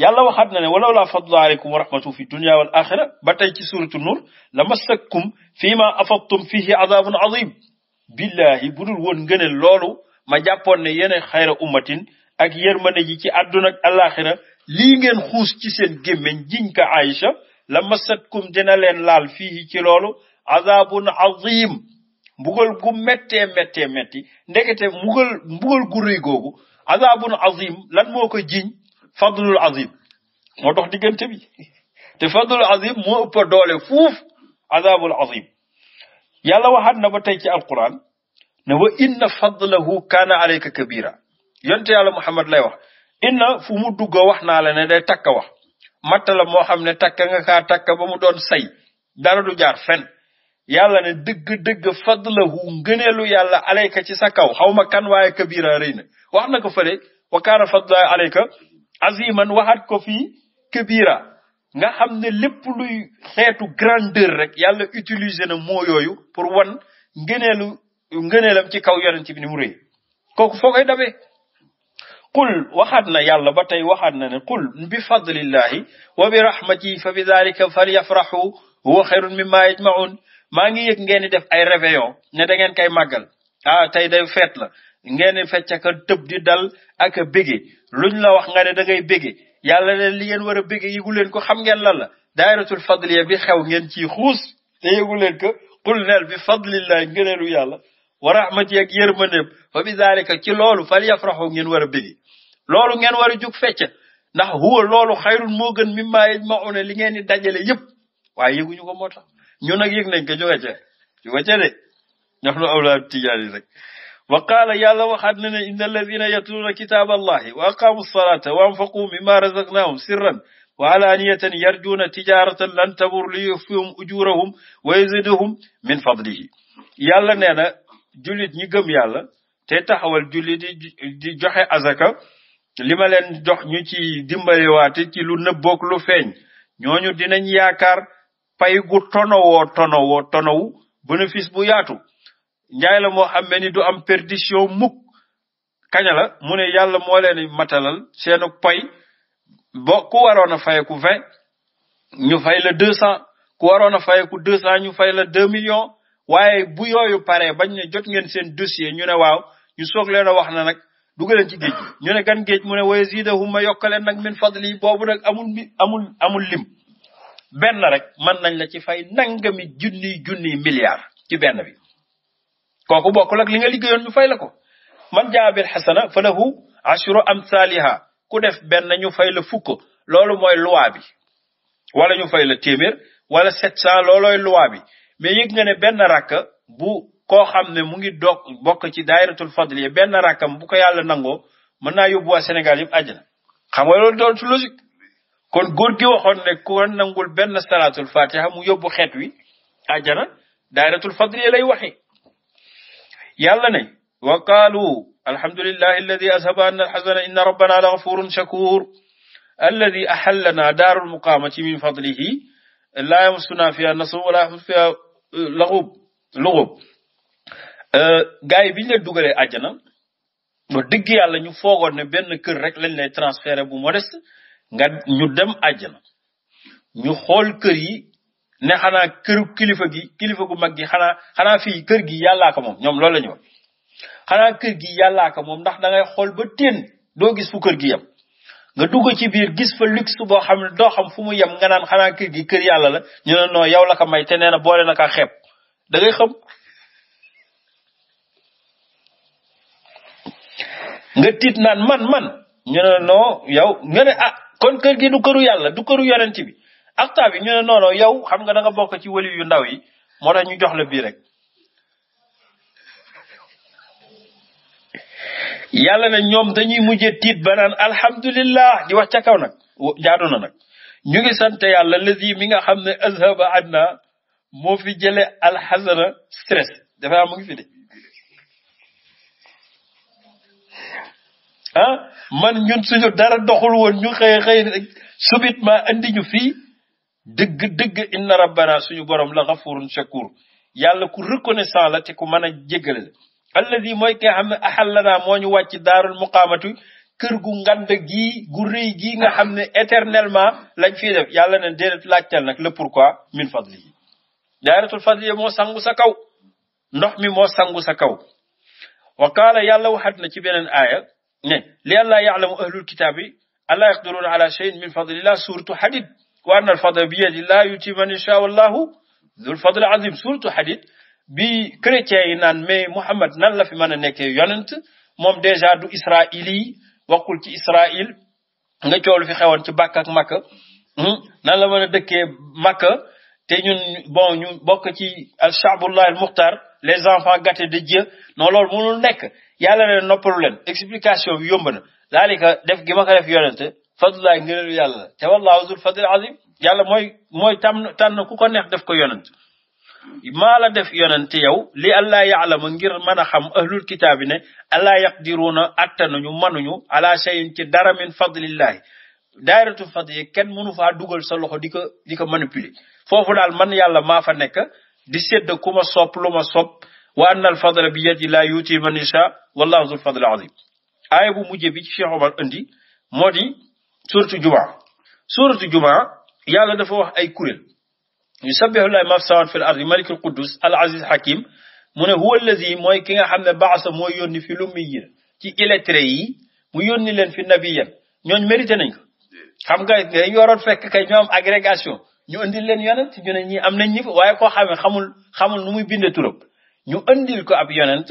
yàlla waxaat na ne walaw laa fadlulaa aleykum wa rahmatu fi dunia wal axira ba tey ci suratu nur la massakkum fii ma afadtum fihi azabun azim billahi bu dul woon ngëneel loolu ma jàppoon ne yene xayra ummatin ak yërmande ji ci àdduna ak alaxira lii ngeen xuus ci seen gémmeñ jiñ ka Aïcha la massatkum dina leen laal fii ci loolu azabun azim mbugal gu méttee méttee métti ndekete mbugal mbugal gu rëy googu azabun azim lan moo ko jiñ fadlul azim moo dox diggante bi te fadlul azim moo ëpp doole fuuf azabul azim yàlla waxaat na ba tey ci alquran ne wa inna fadlahu kaana ka kabira yonte yàlla muhammad lay wax inna fu mu dugg wax naa la ne day takka wax matta la moo xam ne takka nga kaa takka ba mu doon say dara du jaar fen yàlla ne dëgg-dëgg fadlahu ngëneelu yàlla alayka ci sa kaw xaw ma kan waaye kabira rëy na wax na ko fële wa kaana fadla alayka aziman waxaat ko fi kabira nga xam ne lépp luy xeetu grandeur rek yàlla utiliser na moo yooyu pour wan ngëneelu ngëneelam ci kaw yonent bi ni mu rëy kooku foo koy dabee qul waxaat na yàlla ba tey waxaat na ne qul bi fadlillahi wa bi rahmatihi fa bi dalika falyafrahu huwa xayrun mimma yajmaun maa ngi yëg ngeen di def ay réveillon ne da ngeen koy màggal ah tey day feet la ngeen di fecc ak a tëb di dal ak a lu luñ la wax nga ne da ngay bége yàlla ne li ngeen war a bége yëgu leen ko xam ngeen lan la daayratul fadliya bi xew ngeen ciy xuus te yëgu leen ko qul neel bi fadlillahi ngëneelu yàlla wa rahmati ak yërmandeem fa bi daalika ci loolu fal yafraxu ngeen war a bége loolu ngeen war a jug fecc ndax huwa loolu xayrun moo gën mimmaa yajmauna li ngeen di dajale yëpp waaye yëguñu ko moo ñoo nag yëg nañ ko jóge ca jóge ca de ndax lu awlaa tijaani wa qaala yàlla waxaat na ne inna alladina yatluuna kitaaba allahi wa aqaamu salaata wa anfaquu mimma razaqnaahum sirran wa alaaniyatan yarjuuna tijaaratan lan tabur li yufihum ujurahum wa yazidahum min fadlihi yàlla nee na jullit ñi gëm yàlla te taxawal julli i di joxe azaka li ma leen jox ñu ci dimbaliwaate ci lu nëbboog lu feeñ ñooñu dinañ yaakaar pay gu tonowoo tonowoo tonowu bénéfice bu yaatu njaay la moo xam ni du am perdition mukk kaña la mu ne yàlla moo leen matalal seenu pay bo ku waroon a fayeku vingt ñu fay la deux cent ku waroon a fayeku deux cent ñu fay la deux millions waaye bu yooyu paree bañ ne jot ngeen seen dossier ñu ne waaw ñu soog leen a wax na nag dugaleen ci géej ñu ne gan géej mu ne waye ziidahum ma yokkaleen nag min fadli boobu nag amul amul amul lim benn rek man nañ la ci fay nangami junniy junniy milliards ci benn bi kooku bokkul ak li nga liggéeyoon ñu fay la ko man jaa bil xasana falahu am amsaaliha ku def benn ñu fay la fukk loolu mooy loi bi wala ñu fay la téeméer wala 700 loolooy loi bi mais yëg nga ne benn rakk bu koo xam ne mu ngi doog bokk ci daayiratul fadliya benn rakkam bu ko yàlla nangoo mën naa yóbbu waa Sénégal yëpp àjjana xam nga loolu doon ci logique kon góor gi waxoon ne ku nangul benn salaatul fatiha mu yóbbu xeet wi àjjana daayratul fadli lay waxe yàlla ne wa qaalu alhamdulillahi alladi ashaba anna alxasana inna rabbana la gafurun shakur alladi axallana daarul muqaamati min fadlihi laa yamasuna fiha nasab wala yamas fiha euh, laxub luxub euh, gars yi biñ leen dugalee àjjana ba dëgg yàlla ñu foogoon ne benn kër rek lañ lay transféré bu modeste nga ñu dem àjjana ñu xool kër yi ne xanaa këru kilifa gi kilifa gu mag gi xanaa xanaa fi kër gi yàllaa ko moom ñoom loolu la ñu wax xanaa kër gi ko moom ndax da xool ba teen doo gis fu kër gi yem nga dugg ci biir gis fa luxe boo xam ne doo xam fu mu yem nga naan xanaa kër gi kër yàlla la ñu ne noo yow la ko may te nee boole na ko xeeb da ngay xam nga tiit naan man man ñu ne noo yow nga ne ah kon kër gi du këru yàlla du këru yonent bi akta bi ñu ne noonu yow xam nga da nga bokk ci yu ndaw yi moo ñu jox la bii rek yàlla na ñoom dañuy mujjee tiit banaan naan alhamdulillah di wax ca kaw nag jaadu na nag ñu ngi sant yàlla lazi mi nga xam ne azhaba anna moo fi jële alxasana stress dafa mu ngi fi de ah man ñun suñu dara doxul woon ñu xëy xëy subitement andi ñu fi dëgg dëgg inna rabbana suñu borom la xafurun shakur yàlla ku reconnaissant la te ku mën a jéggale la alladi mooy ki nga xam ne axallanaa moo ñu wàcc daarul muqaamatu kër gu ngand gi gu rëy gi nga xam ne éternellement lañ fiy def yàlla ne déedéet laajteel nag la pourquoi min fadli yi daaratul fadli moo sangu sa kaw ndox mi moo sangu sa kaw wa qaala yàlla waxat na ci beneen aaya ne li allaa yaalamu ahlul kitaabi allaa yaqdiruuna ala cheyin min fadlillah suuratu xadid wa anna al fadla bi yadillah yuti man yashaa wallahu dul fadl azim suuratu xadid bi chrétiens yi naan mais Muhammad nan la fi mën a nekkee yonent moom dèjà du israili waxul ci israil nga coolu fi xewoon ci bàkk ak makka hmm, nan la mën a dëkkee makka te ñun bon ñu bokk ci al shaabullah al muxtar les enfants gâtés de Dieu non loolu nekk yàlla ne noppalu leen explication bi yomb na daalika def gi ma ko def yonente fadlulaay ngëneelu yàlla la te wallahu zul fadl azim yàlla mooy mooy tànn tànn ku ko neex def ko yonent maa la def yonent yow li allah yaalama ngir mën a xam ahlul kitaabi ne allah nu attanuñu manuñu ala cheyin ci dara min fadlillahi dairatul fadli kenn mënu faa dugal sa loxo di ko di ko manipuler foofu daal man yàlla maa fa nekk di sedd ku sop sopp lu wa anna al bi yadi laa yuuti man yasha wallahu zul fadl azim aaya bu mujj bi Cheikh Omar indi moo di suratu jumaa suratu jumaa yàlla dafa wax ay kuréel yusabbihu lillahi ma fi samawati fil ardi malikul quddus al aziz hakim mu ne huwa allazi mooy ki nga xam ne baasa mooy yónni fi lummiyin ci illettré yi mu yónni leen fi nabiyan ñooñ mérité nañ ko xam nga yoroon fekk kay ñoo am agrégation ñu indil leen yonent ñu ne ñi am nañ ñi waaye koo xam ne xamul nu muy bindee turam ñu indil ko ab yonent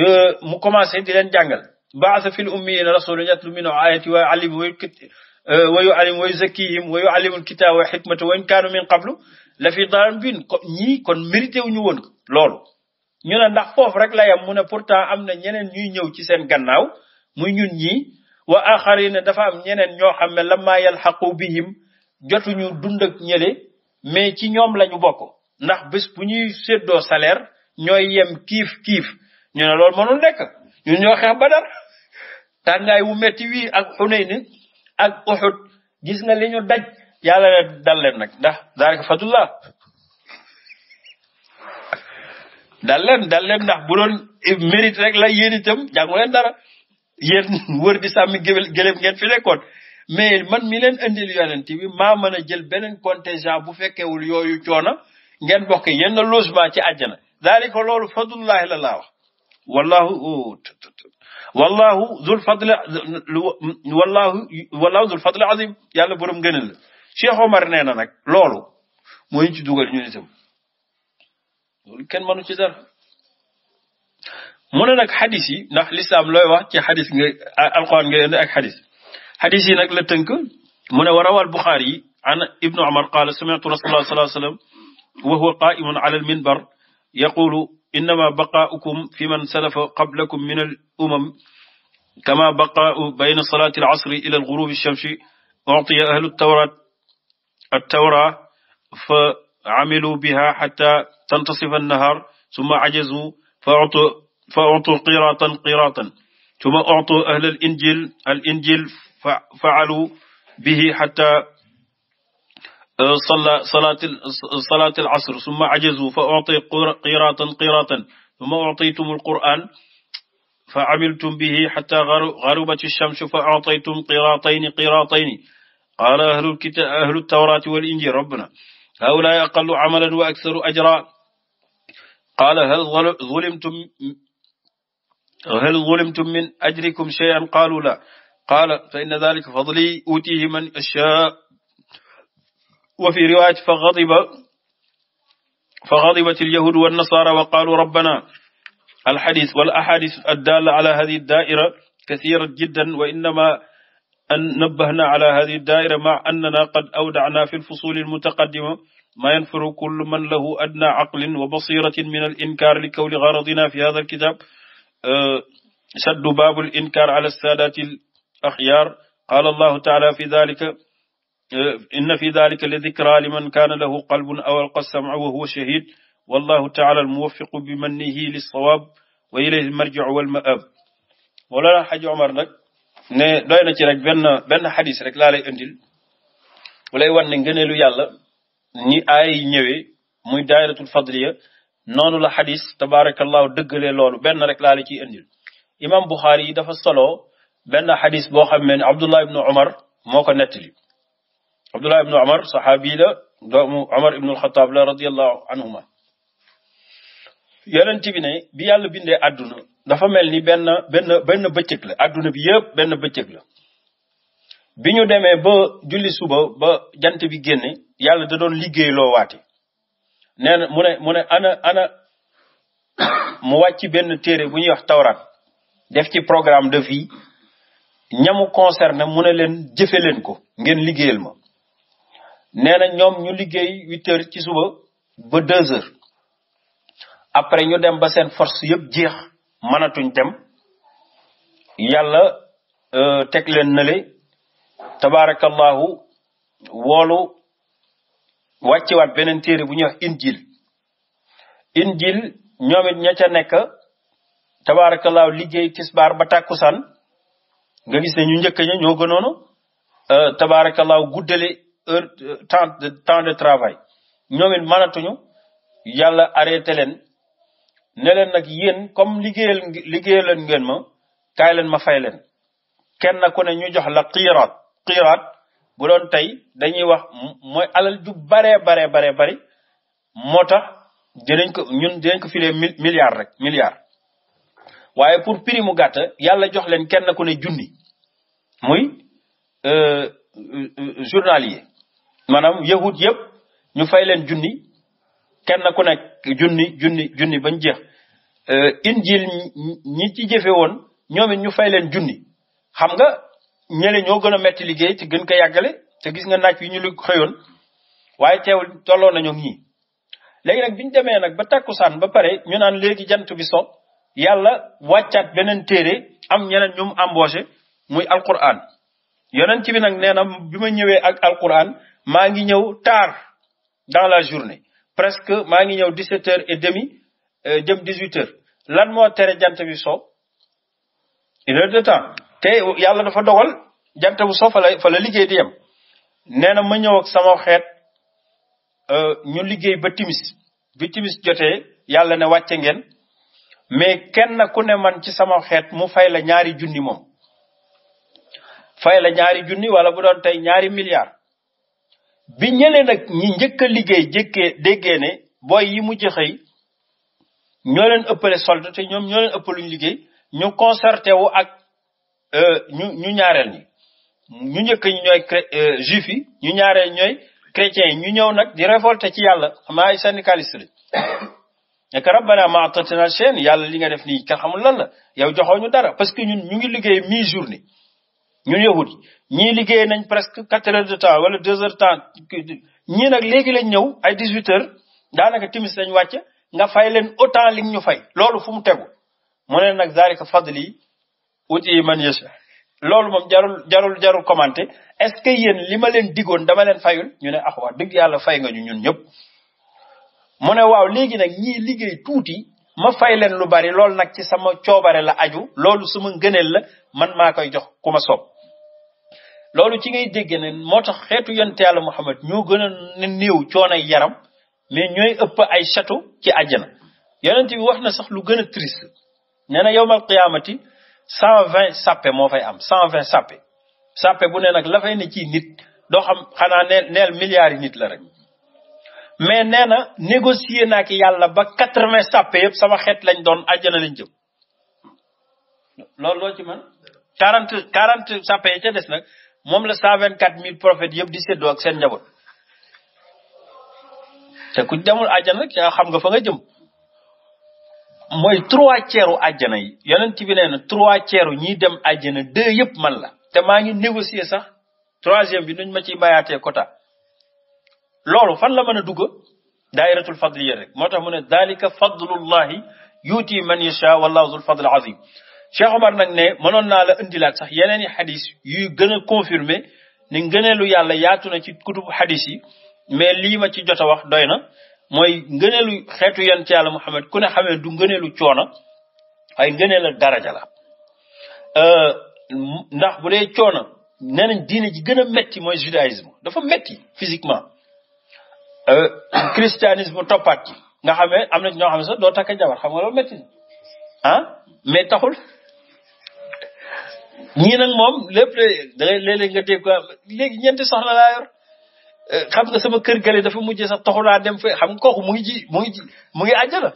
euh, mu commencé di leen jàngal baasa fil ummiyina rasulun yatlu minhum ayati wa yuallimu wa euh, yuallimu wa yuzakkihim wa yuallimu alkitaba wa xikmata wa in kaanu min qablu la fi dalan bin ko ñii kon mérité wu ñu woon loolu ñu ne ndax foofu rek la yem mu ne pourtant am na ñeneen ñuy ñëw ci seen gannaaw muy ñun ñi wa axarina dafa am ñeneen ñoo xam ne lamma yalxaqu bihim jotuñu dund ak ñële mais ci ñoom lañu bokk ndax bés bu ñuy séddoo salaire ñooy yem kiif kiif ñu ne loolu mënul nekk ñun ñoo xeex Badar tàngaay wu metti wii ak Xunayn ak Uhud gis nga li ñu daj yàlla dal leen nag ndax daalika fadlullah dal leen ndax bu doon mérite rek la yéen itam jàngu leen dara yen wër di sàmmi gëléem ngeen fi nekkoon mais man mi leen indil yonent bi maa mën a jël beneen contingent bu fekkewul yooyu coono ngeen bokk yenn logement ci àjjana daalika loolu fadlullahi la laa wax wallahu wallahu zul fadli wallahu wallahu zul fadli azim yàlla borom gënal la Cheikh Omar nee na nag loolu moo ñu ci dugal ñu itam kenn mënu ci dara mu ne nag xadis yi ndax lislaam looy wax ci xadis nga alquran ak xadis xadis yi nag la tënk mu ne wa rawal Buxaari yi an ibnu Umar qaala sami'tu rasulallah sallallahu alayhi wa sallam wa huwa qaa'imun ala al-minbar yaqulu innama baqaa'ukum fi man salafa qablakum min al-umam kama baqaa'u bayna salaati al-asri ila al-ghurubi ash-shamsi u'tiya ahlu at-tawraat at-tawraa fa amilu biha hatta tantasifa an-nahaar summa ajazu fa u'tu qiraatan qiraatan summa u'tu ahla al-injiil al-injiil fa faalu bihi xata euh, salla salaat salaat al asr summa ajazu fa uti qiraatan qiraatan summa utitum al quran fa amiltum bihi xata garibat alchamsu fa utaytum qiraatayni qiraatayni qaala ahlu tawraati wal injil rabbana haulaai aqallu amalan wa aksaru ajra qaala hal zulimtum hal zulimtum min ajrikum shay'an qaalu la qaala fa inna dalika fadli utihi man ashaa wa fi riwaayat fa xadiba fa xadibat alyahudu wannasara wa qaalu rabbana alxadis wal axadis addaala ala hadihi daaira kasirat jiddan wa innama an nabbahna ala hadihi daaira ma annana qad awdacna fi lfusuli almutaqaddima ma yanfuru kullu man lahu adna aqlin wa basiratin min alinkaar li kawli garadina fi hada alkitab shaddu baabu alinkaar ala saadaati axyaar qaala allahu taala fi dalika inna fi dalika la dikra liman kaana lahu qalbun aw alqa sam'a wa huwa shahid wallahu taala almuwafiqu bi mannihi lissawaab wa ilayhi almarjiu walmaab moolana xaji omar nag ne doy na ci rek benn benn xadis rek laa lay indil bu lay wan ne ngëneelu yàlla ni aay ñëwee muy dairatul fadliya noonu la xadis tabaarakallahu dëggalee loolu benn rek laa la ciy indil imam buxaari yi dafa solo benn xadis boo xam ne Abdullah ibnu Umar moo ko nettali Abdullah ibnu Umar saxaabi la doomu Umar ibnu Alxataab la radiyallahu anhuma yonent bi ne bi yàlla bindee àdduna dafa mel ni benn benn benn bëccëg la àdduna bi yépp benn bëccëg la bi ñu demee ba julli suba ba jant bi génne yàlla da doon liggéey loo waate nee mu ne mu ne ana ana mu wàcc benn téere bu ñuy wax tawrat def ci programme de vie ñamu concerné mu ne leen jëfe leen ko ngeen liggéeyal ma nee na ñoom ñu liggéey huit ci suba ba deux heures après ñu dem ba seen force yëpp jeex mënatuñ dem yàlla euh, teg leen nale tabaarakallahu woolu wàccewaat beneen téere bu ñuy wax injil injil ñoom it ña ca nekk tabaarakallahu liggéey tisbaar ba tàkkusaan nga gis ne ñu njëkk ña ñoo gënoon a euh, tabaarakallaahu guddale heure euh, temps de temps de travail ñoom it mënatuñu yàlla arrêté leen ne leen nag yéen comme liggéeyal liggéeyal ngeen ma kaay leen ma fay leen kenn ku ne ñu jox la xiiraat xiiraat bu doon tey dañuy wax mooy alal ju baree baree baree bari moo tax dinañ ko ñun dinañ ko filee milliards rek milliards waaye pour prix mu gàtt yàlla jox leen kenn ku ne junni muy yi euh, euh, maanaam yahut yëpp ñu fay leen junni kenn ku nekk junni junni junni bañ jeex euh, injil ñi ci jëfe woon ñoom ñu fay leen junni xam nga ñële ñoo gën a metti liggéey te gën ko yàggale te gis nga naaj yi ñu lu xëyoon waaye teewul tolloo nañu ñi léegi nag bi demee nag ba takkusaan ba pare ñu naan léegi jant bi so yàlla wàccaat beneen téere am ñeneen ñu mu embauché muy alquran yonent bi nag nee na bi ma ñëwee ak alquran maa ngi ñëw tard dans la journée presque maa ngi ñëw 17 heures et demi euh, jëm 18 heures lan moo tere jant bi so une heure de temps te yàlla dafa dogal jant bu so fa la liggéey di yem nee na ma ñëw ak sama xeet euh, ñu liggéey ba timis bi timis jotee yàlla ne wàcce ngeen mais kenn ku ne man ci sama xeet mu fay la ñaari junni moom fay la ñaari junni wala bu doon tey ñaari milliards bi ñële nag ñi njëkk a liggéey jëkkee déggee ne booy yi mu xëy ñoo leen ëppale te ñoom ñoo leen ëppaluñ liggéey ñu conserté wu ak euh, ñu ñu ñaareel ñu njëkk ñi ñooy euh, juif yi ñu ñaareel ñooy chrétiens yi ñu ñëw nag di révolté ci yàlla xam ay syndicaliste nekk rabbana ma atatina chaîne yàlla li nga def nii kenn xamul lan la yow ñu dara parce que ñun ñu ngi liggéey mi journée ñun yahud yi ñii liggéey nañ presque quatre heures de temps wala deux heures temps ñii nag léegi lañ ñëw ay dix huit heures daanaka timis lañ wàcc nga fay leen autant li ñu fay loolu fu mu tegu mu ne nag zalika fadli uti man yasha loolu moom jarul jarul jarul commenté est ce que yéen li ma leen digoon dama leen fayul ñu ne ah dëgg yàlla fay nga ñu ñun ñëpp mu ne waaw léegi nag ñii liggéey tuuti ma fay leen lu bari loolu nag ci sama coobare la aju loolu suma ngëneel la man maa koy jox ku soob loolu ci ngay dégg ne moo tax xeetu yonte yàlla Muhammad ñoo gën a néew coonay yaram mais ñooy ëpp ay château ci àjjana yonent bi wax na sax lu gën a triste nee na yowmal qiyaamati cent vingt sappe moo fay am cent vingt sappe sappe bu ne nag la fay ne ci nit doo xam xanaa neel neel milliards yi nit la rek mais nee na négocier naa ki yàlla ba quatre mais sàppe yëpp sama xeet lañ doon àjjana lañ jëm loolu loo ci mën quarante quarante sàppe yi ca des nag moom la cent vingt quatre mille prophètes yëpp di séddoo ak seen njaboot te ku demul àjjana rek yaa xam nga fa nga jëm mooy trois tiers àjjana yi yonent bi nee na trois tiers ñiy dem àjjana deux yëpp man la te maa ngi négocier sax troisième bi nuñ ma ciy bayaatee quota loolu fan la mën a dugg daairatul fadliya rek moo tax mu ne dalika fadlullahi yuuti man yasha wallahu zul fadl azim Cheikh Omar nag ne mënoon naa la indilaat sax yeneen i xadis yuy gën a confirmer ni ngëneelu yàlla yaatu na ci kutubu xadis yi mais lii ma ci jot a wax doy na mooy ngëneelu xeetu ci yàlla Muhammad ku ne xamee du ngëneelu coono ay ngëneel ak daraja la euh, ndax bu dee coono nee nañ diine ji gën a metti mooy judaïsme dafa metti physiquement Euh, christianisme toppaat ci nga xam am na ñoo xam ne sax doo takk jabar xam nga loolu métti ah mais taxul ngi nag moom lépp da ngay léeg-léeg léegi ñeenti soxna laa euh, xam nga sama kër gale dafa mujjee sax taxul laa dem fee xam nga kooku mu ngi ji mu ngi ji mu ngi àjjana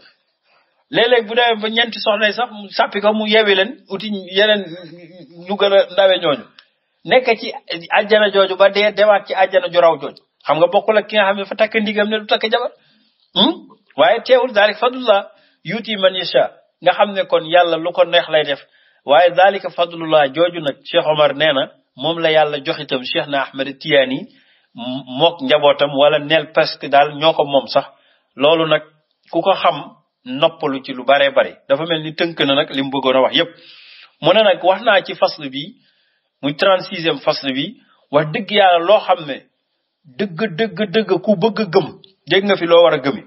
léeg bu demee ba ñeenti soxna yi sax mu sàppi ko mu yewi leen uti yeneen ñu gën a ndawe ñooñu nekk ci àjjana jooju ba dee dewaat ci àjjana ju raw jooju xam nga bokkul ak ki nga xam ne dafa takk ndigam ne du takk jabar hmm? waaye teewul daalika fadlullah yuuti man yasha nga xam ne kon yàlla lu ko neex lay def waaye daalika fadlullah jooju nag Cheikh Omar nee na moom la yàlla jox itam Cheikh na Ahmed Tiyaani mook njabootam wala neel presque daal ñoo ko moom sax loolu nag ku ko xam noppalu ci lu baree bari dafa mel ni tënk na nag li mu bëggoon a wax yëpp mu ne wax naa ci fasl bi muy trente sixième fasl bi wax dëgg yàlla loo xam ne dëgg dëgg dëgg ku bëgg gëm dégg nga fi loo war a gëmi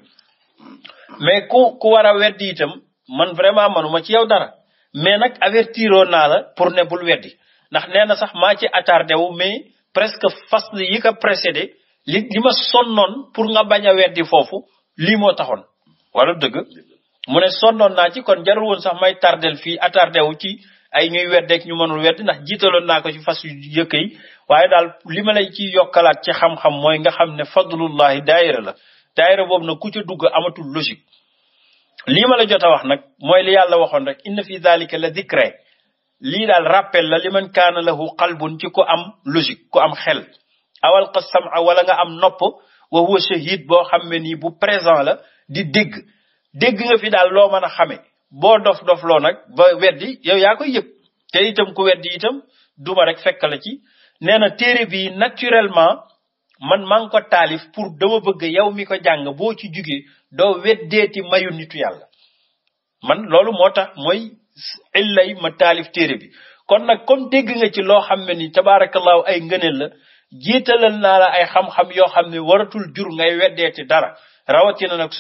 mais ku ku war a weddi itam man vraiment manuma ci yow dara mais nag avertiroon naa la pour ne bul weddi ndax nee na sax maa ci attardé wu mais presque fas yi ko précédé li li ma sonnoon pour nga bañ a weddi foofu lii moo taxoon wala dëgg mu ne sonnoon naa ci kon jarul woon sax may tardel fii attardé wu ci ay ñuy weddeek ñu mënul weddi ndax jiitaloon naa ko ci fas yu jëkk yi waaye daal li ma lay ciy yokkalaat ci xam-xam mooy nga xam ne fadlullahi daayira la daayira boobu nag ku ci dugg amatul logique lii ma la jot a wax nag mooy li yàlla waxoon rek inna fi dalika la daal rappel la man kaana lahu qalbun ci ku am logique ku am xel nga am nopp wa huwa boo xam ne nii bu présent la di dégg dégg nga fi daal loo mën a xame boo dof dof loo nag ba weddi yow yaa koy yëpp te itam ku weddi itam duma rek fekk la ci nee na téere bi naturellement man maa ngi ko taalif pour dama bëgg yow mi ko jàng boo ci jugee doo weddeeti mayu nitu yàlla man loolu moo tax mooy illay ma taalif téere bi kon nag comme dégg nga ci loo xam ne ni tabaarakallaahu ay ngëneel la jiitalal naa la ay xam-xam yoo xam ne waratul jur ngay weddeeti dara rawatina nag